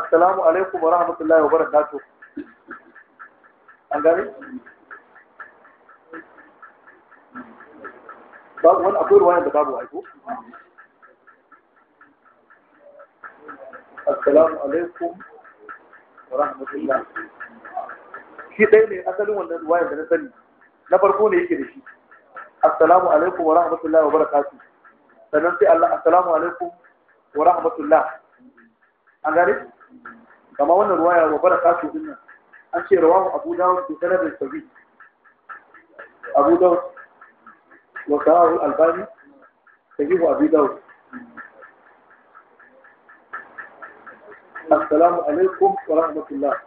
assalamu alaikum wa ya wa barakatuh an gani? babu wani akwai ruwayan da babu aiko assalamu alaikum wa rahmatullah shi ɗaya ne asalin wannan ruwa da na sani na farko ne yake da shi assalamu alaikum wa rahmatullahi wa barakatu sannan sai Allah assalamu alaikum wa rahmatullah an gane kama wannan ruwaya wa barakatu din nan an ce rawahu Abu Dawud bi sanadin sahih Abu Dawud wa sahahu al-Albani sahihu Abu Dawud السلام عليكم wa الله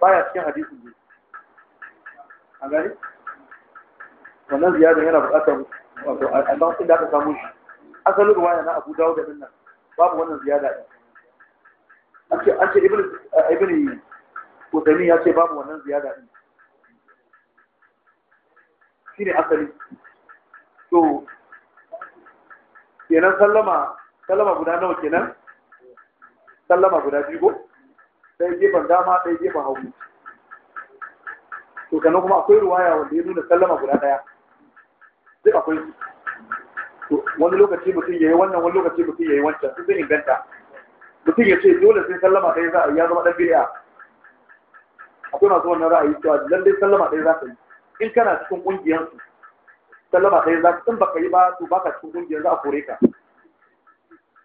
baya cikin hadisin ne a gani wannan ziyarar yana buƙatar wato a ɗan inda aka samu shi asalin ruwaya na abu dawo da nan babu wannan ziyara an ce an ce ibn Uthaymeen eh, ya ce babu wannan ziyara ɗin shine asali to kenan sallama sallama guda nawa kenan sallama guda biyu ko sai gefen dama sai gefen hagu to sannan kuma akwai ruwaya wanda ya nuna sallama guda ɗaya duk akwai to wani lokaci mutum ya yi wannan wani lokaci mutum ya yi wancan duk zai inganta mutum ya ce dole sai sallama ɗaya za a yi ya zama ɗan bid'a akwai masu wannan ra'ayi cewa lallai sallama ɗaya za ka yi in kana cikin ƙungiyarsu sallama ɗaya za ka in baka yi ba to baka cikin ƙungiyar za a kore ka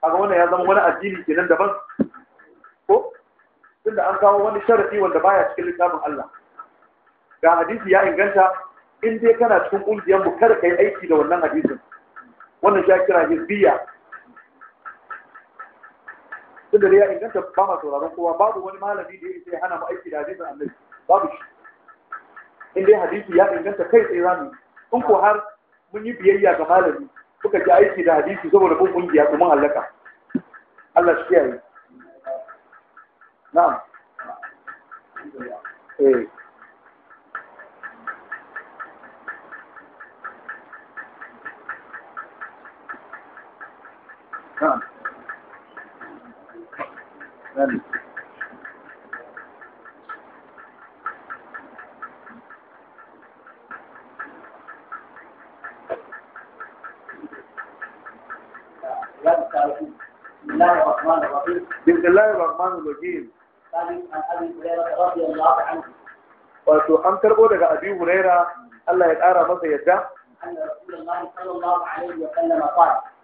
kaga wannan ya zama wani addini kenan daban ko tunda an kawo wani sharadi wanda baya cikin littafin Allah ga hadisi ya inganta in dai kana cikin kungiyar mu kada kai aiki da wannan hadisin wannan shi kira hizbiya tunda dai ya inganta ba ma sauraron kowa babu wani malami da yake hana mu aiki da hadisin annabi babu shi in dai hadisi ya inganta kai tsaye zamu in ko har mun yi biyayya ga malami kuka ji aiki da hadisi saboda bin kungiya kuma halaka Allah shi yi. na'am eh na'am na'am بسم الله الرحمن الرحيم wato an karbo daga abi huraira Allah ya ƙara masa yadda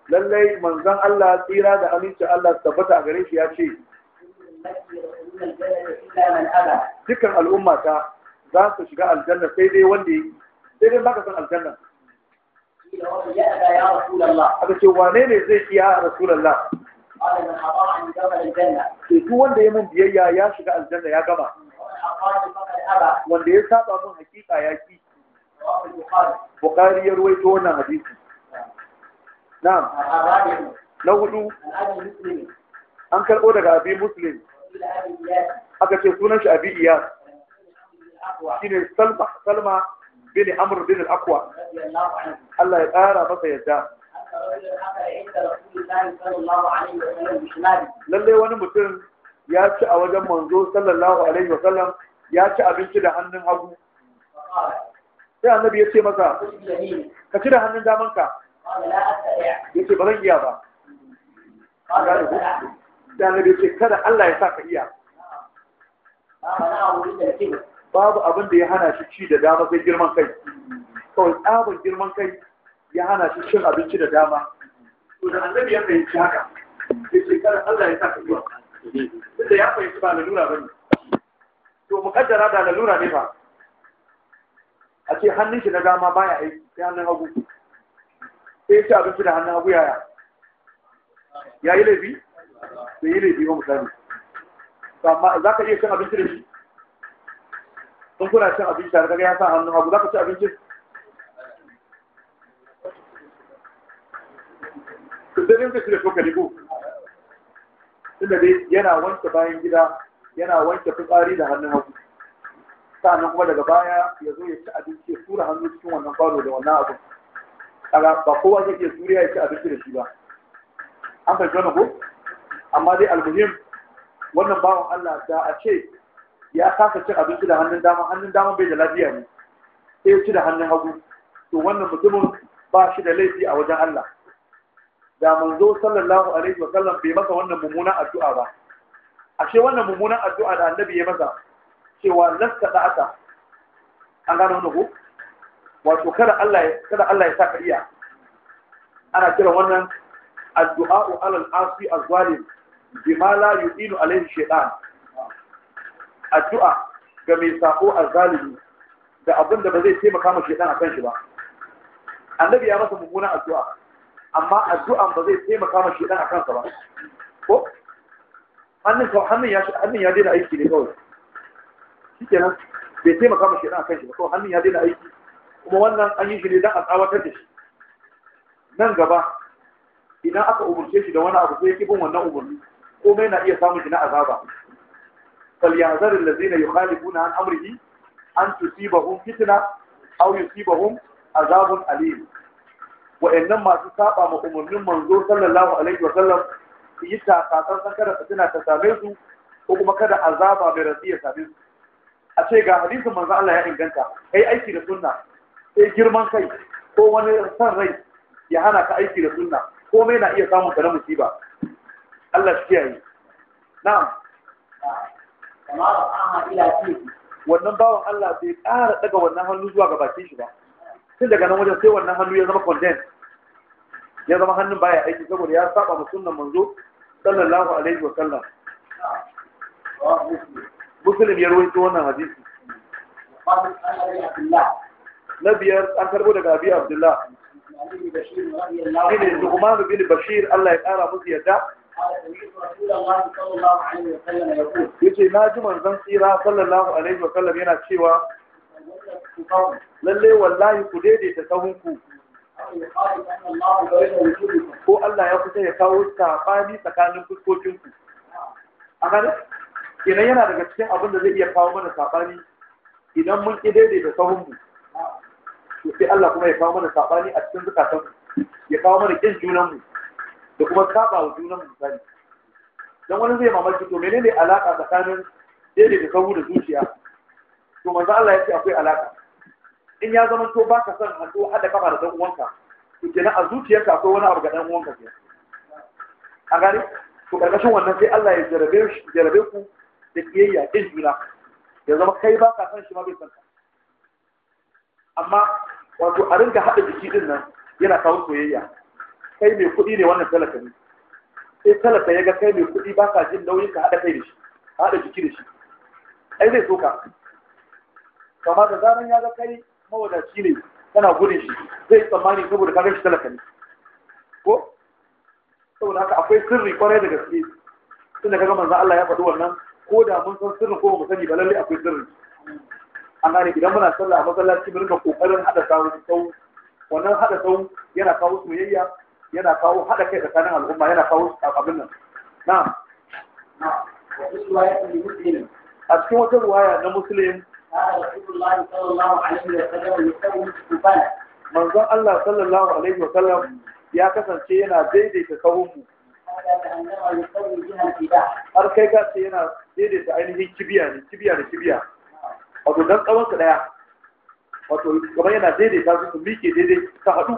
lallai manzon Allah tsira da aminci Allah tabbata a gare shi ya ce dukkan al'umma ta za su shiga aljanna sai dai wanda yi sai dai baka san aljanna aka ce wane ne zai iya rasulallah to wanda ya min biyayya ya shiga aljanna ya gaba. wanda ya saba min hakika ya ki bukari ya ruwaito wannan hadisi na'am na hudu an karbo daga abi muslim aka ce sunan shi abi iyas shine salma bin amr bin al-aqwa Allah ya ƙara masa yadda lalle wani mutum ya ci a wajen manzo sallallahu alaihi wasallam ya ci abinci da hannun hagu sai annabi ya ce masa ka ci da hannun damanka ya ce ba zan iya ba sai annabi ya ce kada Allah ya sa ka iya babu abin da ya hana shi ci da dama sai girman kai kawai tsabar girman kai ya hana shi cin abinci da dama to da annabi ya fahimci haka sai ce kada Allah ya sa ka zuwa tunda ya fahimci ba lalura ba ne to mukaddara da lalura ne ba a ce hannun shi na dama baya aiki sai hannun hagu sai ci abinci da hannun hagu yaya ya yi laifi bai yi laifi ba misali amma za ka iya cin abinci da shi in kuna cin abinci tare daga ya sa hannun hagu za ka ci abincin sai da suke da tokali ko tunda dai yana wanke bayan gida yana wanke fitsari da hannun hagu sannan kuma daga baya ya zo ya ci abinci ya tura hannu cikin wannan kwano da wannan abin kaga ba kowa zai iya suriya ya ci abinci da shi ba an fahimci wannan ko amma dai almuhim wannan bawan Allah da a ce ya kasa cin abinci da hannun dama hannun dama bai da lafiya ne sai ya ci da hannun hagu to wannan mutumin ba shi da laifi a wajen Allah da manzo sallallahu alaihi wa sallam bai masa wannan mummunan addu'a ba ashe wannan mummunan addu'a da annabi ya masa cewa lasta da'ata an gano wannan ko wato kada Allah ya kada Allah ya saka iya ana kira wannan addu'a alal asi azwalim bima la yu'inu alaihi shaytan addu'a ga mai sako azalimi da abin da ba zai taimaka ma shaytan kan shi ba annabi ya masa mummunan addu'a amma addu'an ba zai taimaka ma dan a kansa ba ko hannun ko hannun ya hannun ya daina aiki ne kawai shikenan bai taimaka ma dan a kanshi ba kawai hannun ya daina aiki kuma wannan an yi shi ne don a tsawatar da shi nan gaba idan aka umurce shi da wani abu sai bin wannan umurni komai na iya samun shi na azaba فليعذر allazina yukhalifuna an amrihi an tusibahum fitna aw yusibahum azabun alim wa'annan masu saba ma umarnin manzo sallallahu alaihi wa sallam su yi takasan san kada fitina ta same su ko kuma kada azaba bai rasi ya same su a ce ga hadisin manzo Allah ya inganta kai aiki da sunna sai girman kai ko wani san rai ya hana ka aiki da sunna komai na iya samun ka na musiba Allah shi kiyaye na'am kamar wannan bawan Allah bai ƙara daga wannan hannu zuwa ga bakin shi ba tun daga nan wajen sai wannan hannu ya zama condemn ya zama hannun baya aiki saboda ya saba ma sunnan manzo sallallahu alaihi wa sallam muslim ya rawaito wannan hadisi na biyar an karbo daga abi abdullah shine luqman bin bashir Allah ya kara musu yadda yace na ji manzon tsira sallallahu alaihi wa sallam yana cewa Lallai wallahi ku daidaita ku. ko Allah ya kusa ya kawo sabani tsakanin fuskokinku a gani kenan yana daga cikin abin da zai iya kawo mana sabani idan mun ki daidaita sahunmu to sai Allah kuma ya kawo mana sabani a cikin zukatanmu ya kawo mana kin junanmu da kuma saba wa junanmu misali dan wani zai mamaki to menene alaka tsakanin daidaita sahu da zuciya to manzo Allah ya ce akwai alaka in ya zama to baka son haɗu hada kafa da ɗan uwanka to kenan a zuciyarka akwai wani abu ga ɗan uwanka ke a gani to karkashin wannan sai Allah ya jarabe ku da kiyayya din juna ya zama kai baka son shi ma bai san ka amma wato a rinka haɗa jiki din nan yana kawo soyayya kai mai kuɗi ne wannan talaka ne sai talaka ya ga kai mai kuɗi baka jin nauyin ka haɗa kai da shi haɗa jiki da shi ai zai so ka kama da zaran ya ga kai mawadaci ne tana gudun shi zai tsammani saboda kagar shi talaka ne ko saboda haka akwai sirri kwarai da gaske tun da kaga manzo Allah ya faɗi wannan ko da mun san sirrin ko mu sani ba lalle akwai sirri an gane idan muna sallah a masallaci mu rinka kokarin hada sawu sau wannan hada sau yana kawo soyayya yana kawo hada kai tsakanin al'umma yana kawo abin nan na'am a cikin wata ruwaya na muslim manzon Allah sallallahu alaihi wa sallam ya kasance yana daidaita kawun mu har kai ka ce yana daidaita ainihin kibiya ne kibiya da kibiya wato dan tsawon ka daya wato kamar yana daidaita su su miƙe daidai ta haɗu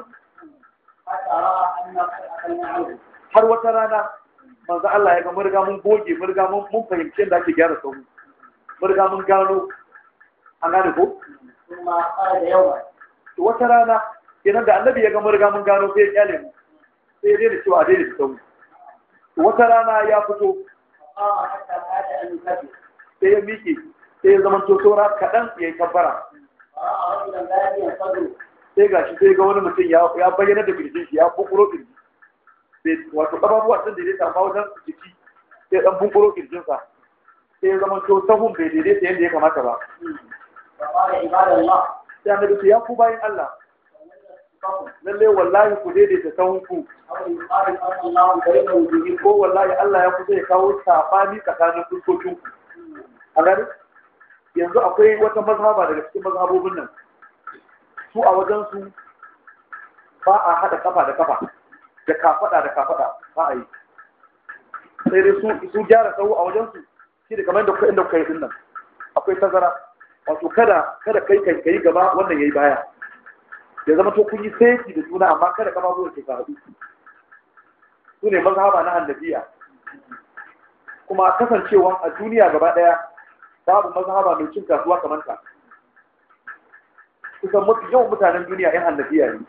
har wata rana manzon Allah ya ga mun riga mun goge mun riga mun fahimci yadda ake gyara sauri mun riga mun gano an gane ko kuma wata rana kenan da annabi ya gama riga mun gano sai ya kyale mu sai ya daina cewa a daina fito to wata rana ya fito sai ya miƙe sai ya zamanto saura kaɗan ya yi tabbara sai ga shi sai ga wani mutum ya bayyana da birgin shi ya bukuro birji wato ƙafafuwa sun daidaita amma wajen jiki sai ɗan bukuro birjinsa sai ya zamanto to sahun bai daidaita yadda ya kamata ba sai annabi ce ya ku bayan Allah lalle wallahi ku daidaita sahunku ko wallahi Allah ya kusa ya kawo sabani tsakanin ku. a gani yanzu akwai wata mazhaba daga cikin mazhabobin nan su a wajen su ba a haɗa kafa da kafa da kafaɗa da kafaɗa ba a yi sai dai su gyara tsawo a wajen su shi da kamar da kuka inda kuka yi nan akwai tazara wato kada kada kai kai kai gaba wannan yayi baya ya zama to kun yi saiti da juna amma kada kama zuwa ke faɗi su ne mazhaba na annabiya kuma kasancewa a duniya gaba daya babu mazhaba mai cin kasuwa kamar ka kusan mutu yau mutanen duniya yan annabiya ne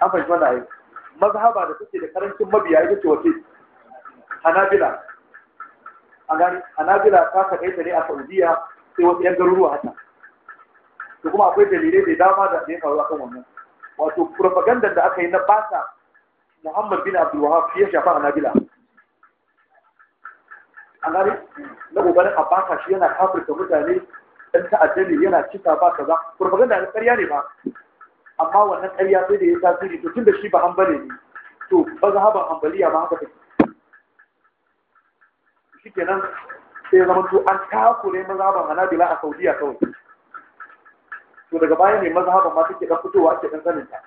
an fahimta wannan mazhaba da take da karancin mabiya ita ce wace hanabila a gani hanabila ta kaɗaita ne a saudiya sai wasu yan garuruwa haka to kuma akwai dalilai da dama da ya faru akan wannan wato propaganda da aka yi na bata Muhammad bin Abdul Wahab ya shafa Hanabila an gane na kokarin a bata shi yana kafirta mutane dan ne yana cika ba kaza propaganda na ƙarya ne ba amma wannan ƙarya sai da ya tasiri to tunda shi ba hanbali ne to ba za mazhaban hanbaliya ba haka take shikenan sai zama to an takure mazhaban hanabila a saudiya kawai to daga baya ne mazhaban ma suke dan fitowa ake dan sanin ta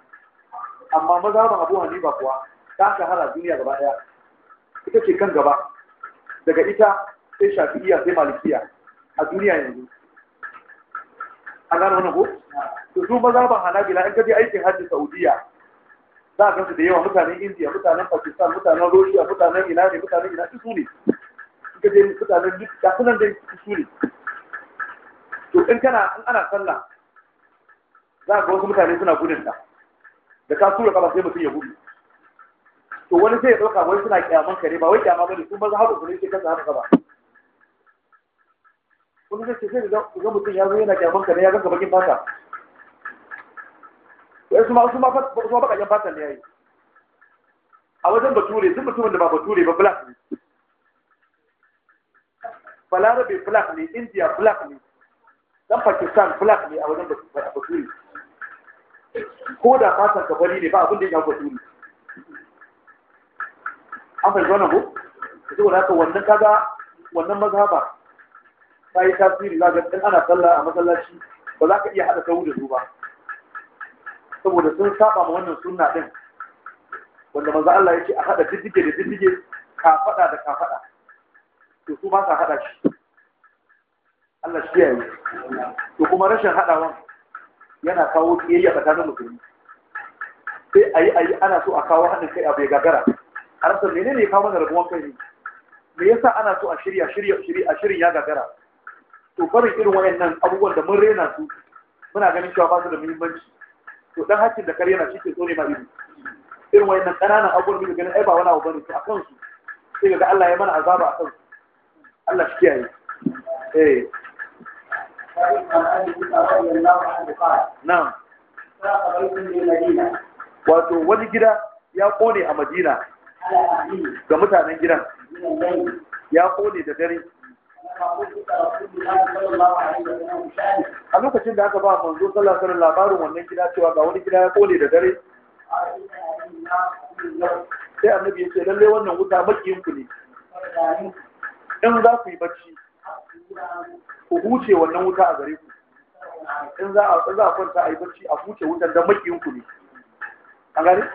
amma mazhaban abu hanifa kuwa ta shahara duniya gaba daya ita ce kan gaba daga ita sai shafi'iyya sai malikiya a duniya yanzu an gano wani ko to su mazhaban hanabila in ka je aikin hajji saudiya za a gansu da yawa mutanen indiya mutanen pakistan mutanen russia mutanen ina ne mutanen ina su ne Ka je mutanen duk da kunan da su ne to in kana in ana sallah za ga wasu mutane suna gudun ta da ka tura kaba sai mutum ya gudu to wani sai ya dauka wani suna kyaman kare ba wai kyama bane sun maza haɗu kuma sai kansa haka ba wani zai ce sai ga mutum ya zo yana kyaman kare ya ganka bakin fata to su ma su ma su ma bakakken fata ne yayi a wajen bature duk mutumin da ba bature ba black ne balarabe black ne india black ne dan pakistan black ne a wajen baturi ko da fasan ka bari ne ba abin da ya baturi an fahimci wannan ko saboda haka wannan kaga wannan mazhaba ta yi tasiri za ga in ana sallah a masallaci ba za ka iya haɗa kawo da su ba saboda sun saba ma wannan suna ɗin wanda maza Allah ya ce a haɗa diddige da diddige ka faɗa da ka faɗa to su ba sa haɗa shi Allah shi ya yi to kuma rashin hadawa yana kawo kiyayya tsakanin musulmi sai ayi ayi ana so a kawo hannun kai a bai gagara a rasa menene ya kawo mana rabuwan kai ne me yasa ana so a shirya shirya shirya a shirin ya gagara to barin irin wayannan abubuwan da mun rena su muna ganin cewa ba su da muhimmanci to dan hakkin da karyana shi ke so ne ma ido irin wayannan ƙananan abubuwan da ganin ai ba wani abu bane to akan su sai ga Allah ya mana azaba akan su Allah shi kiyaye eh na'am wato wani gida ya kone a madina ga mutanen gidan ya kone da dare a lokacin da aka ba manzo sallallahu alaihi labarin wannan gida cewa ga wani gida ya kone da dare sai annabi ya ce lalle wannan wuta makiyinku ne in za ku yi bacci ku huce wannan wuta a gare ku in za a za a kwanta a yi bacci a huce wutan da makiyin ku ne a gare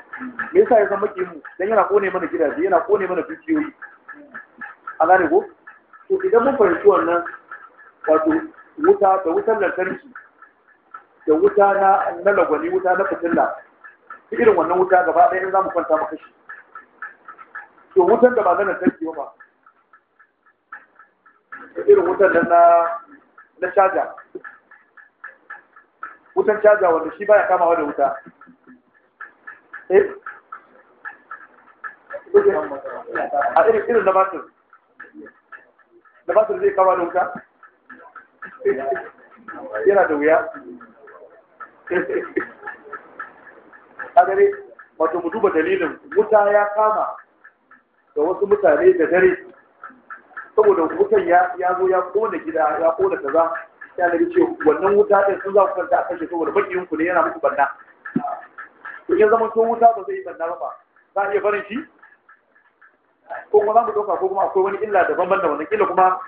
me yasa ya san makiyin mu dan yana kone mana gidaje yana kone mana dukiyoyi a gare ko to idan mun fahimci wannan wato wuta da wutar lantarki da wuta na na lagwani wuta na fitilla irin wannan wuta gaba ɗaya in za mu kwanta mu kashi to wutan da ba na lantarki ba irin wutar nan na caja wutan caja wanda shi baya kamawa da wuta eh? a irin irin na batir na batir zai kama da wuta yana da wuya a gare wato mu duba dalilin wuta ya kama da wasu mutane da dare saboda wutan ya zo ya kona gida ya kona kaza ya nabi ce wannan wuta ɗin sun za ku kanta a kashe saboda bakin ku ne yana muku banna to ya zama to wuta ba zai yi banna ba za a iya barin shi ko kuma za mu ɗauka ko kuma akwai wani illa daban daban da wannan kila kuma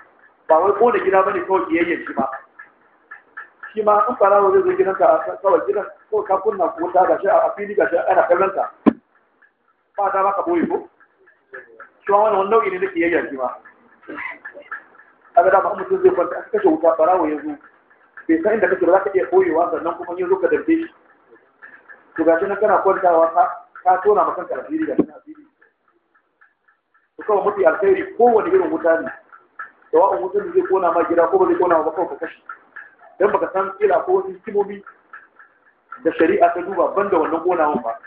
ba wai kona gida ba ne kawai kiyayyen shi ba shi ma in wa zai zo a kawai gidan kawai ka kunna ku wuta ga shi a fili ga shi ana kallon ka ba ta ba ka boye ko shi ma wani nau'i ne ke kiyayya shi ma kaga da ba mutum zai kwanta aka kashe wuta barawo ya zo bai san inda kake ba za ka iya koyewa sannan kuma yin ka dambe shi to gashi nan kana kwantawa ka ka tona ma kanka asiri da kana asiri to kawai mutu alkhairi kowane irin wuta ne da wa'un wutan zai kona ma gida ko ba zai kona ma ba kawai ka kashe dan baka san kila ko wasu hikimomi da shari'a ta duba ban da wannan gonawan ba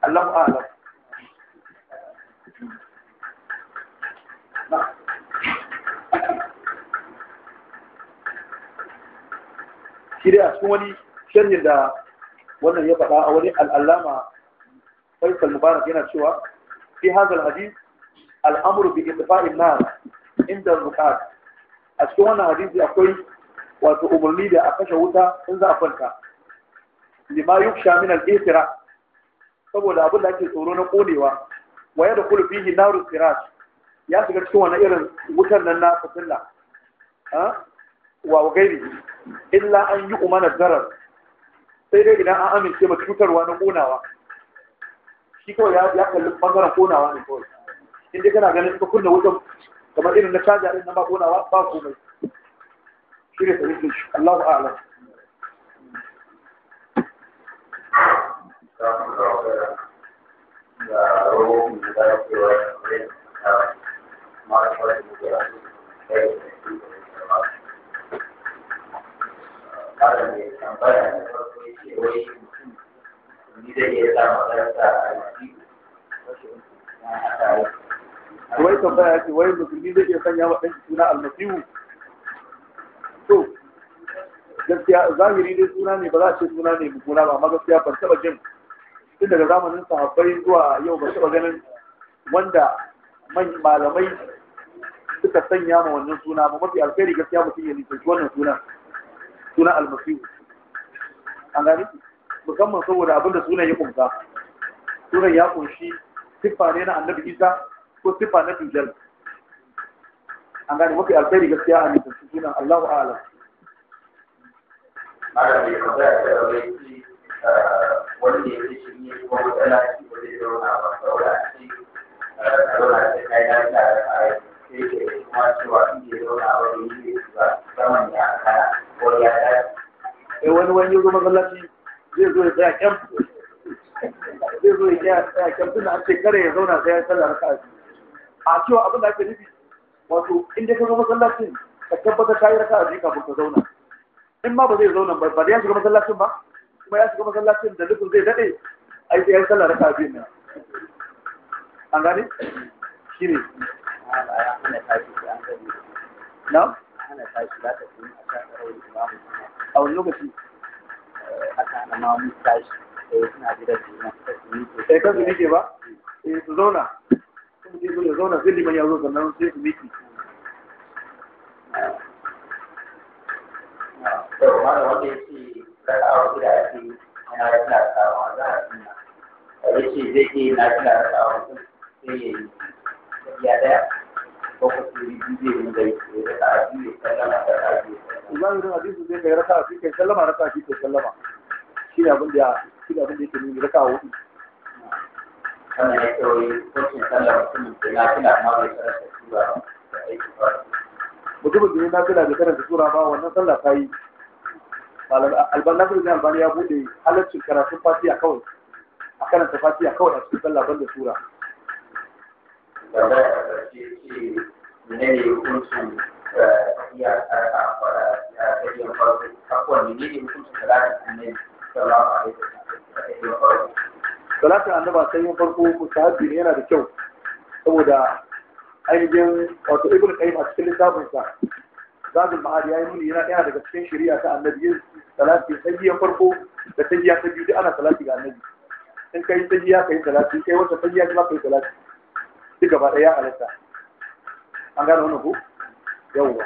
Allahu a'lam shi dai a cikin wani sharhin da wannan ya faɗa a wani al'allama faisal mubarak yana cewa fi hazal hadis al'amuru bi ittifa'in nar inda rukat a cikin wannan hadisi akwai wato umarni da a kashe wuta in za a kwanta lima yuksha min al saboda abin da ake tsoro na konewa waya da kullu fihi naru sirat ya shiga cikin wannan irin wutar nan na fitilla ha wa gairi إلا أن يؤمن الزرر سيدي إذا أأمن كما تشوتر وأنا أونا شكو يا أكل مغرى أونا وأنا أقول إن دي كان أغنى إنكو كنا وزم كما إن النشاجة إنما أونا وأنا باقوم شكرا سيدي الله أعلم Thank you. malam mai tambaya da farko ya ce wai ni sa a yi Wai tambaya ce wai musulmi zai iya sanya wa suna almasihu. To, gaskiya zahiri dai suna ne ba za a ce suna ne mummuna ba amma gaskiya ban taɓa jin tun daga zamanin sahabbai zuwa yau ban taɓa ganin wanda man malamai suka sanya ma wannan suna ba mafi alkhairi gaskiya mutum ya nufin wannan sunan. suna almasihu an gani musamman saboda abin da sunan ya kunsa sunan ya kunshi siffa ne na annabi isa ko siffa na dujal an gani mafi alkhairi gaskiya a nisan sunan allahu a'alam eh, wanda ya fi shi ne kuma matsala shi ba zai zauna ba saboda shi eh, zauna da kayan da a yi sai da kuma cewa inda ya zauna a wani yi ne ba saman ya kara wani wani ya zama masallaci zai zo ya tsaya kyan zai zo ya tsaya kyan tunda an kare ya zauna sai ya sallar raka'a a cewa abin da ake nufi wato inda ka zo masallacin ka tabbata ka yi raka a jika ka zauna in ma ba zai zauna ba ba ya shiga masallacin ba kuma ya shiga masallacin da nufin zai daɗe yi sai ya sallar raka'a biyu ne an gane shi ne na? a wani lokaci eh, aka hana ma mun tashi eh, suna eh, ba eh su zauna sun je su zauna liman ya zo sannan su ya daya zahirin hadisi zai kai shi kai sallama sallama shi ne abin da da ya mutumin da na tuna amma bai karanta da aiki mutumin ya na tuna karanta sura ba wannan sallah ta yi albanasir ne albani ya bude halaccin karatun fatiya kawai a karanta fatiya kawai a cikin sallah banda sura ba za ka ƙarshe ce menene hukuncin iya tsarka fara ya ta iya farko ne menene hukuncin da za ka ne sallallahu alaihi wasallam salatin annaba sai yin farko mustahabi ne yana da kyau saboda ainihin wato ibn qayyim a cikin littafin sa zadul ma'ad ya yi nuni yana ɗaya daga cikin shari'a ta annabi yin salati tahiyyar farko da tahiyya ta biyu duk ana salati ga annabi in kai tahiyya kai salati kai wata tahiyya kuma kai salati duk gaba ɗaya halitta an gane wani ku yawwa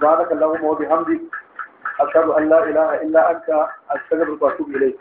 ba haka kallon kuma wabi hamdi a shaɗu an la'ila a illa an a shagar rufa su bilai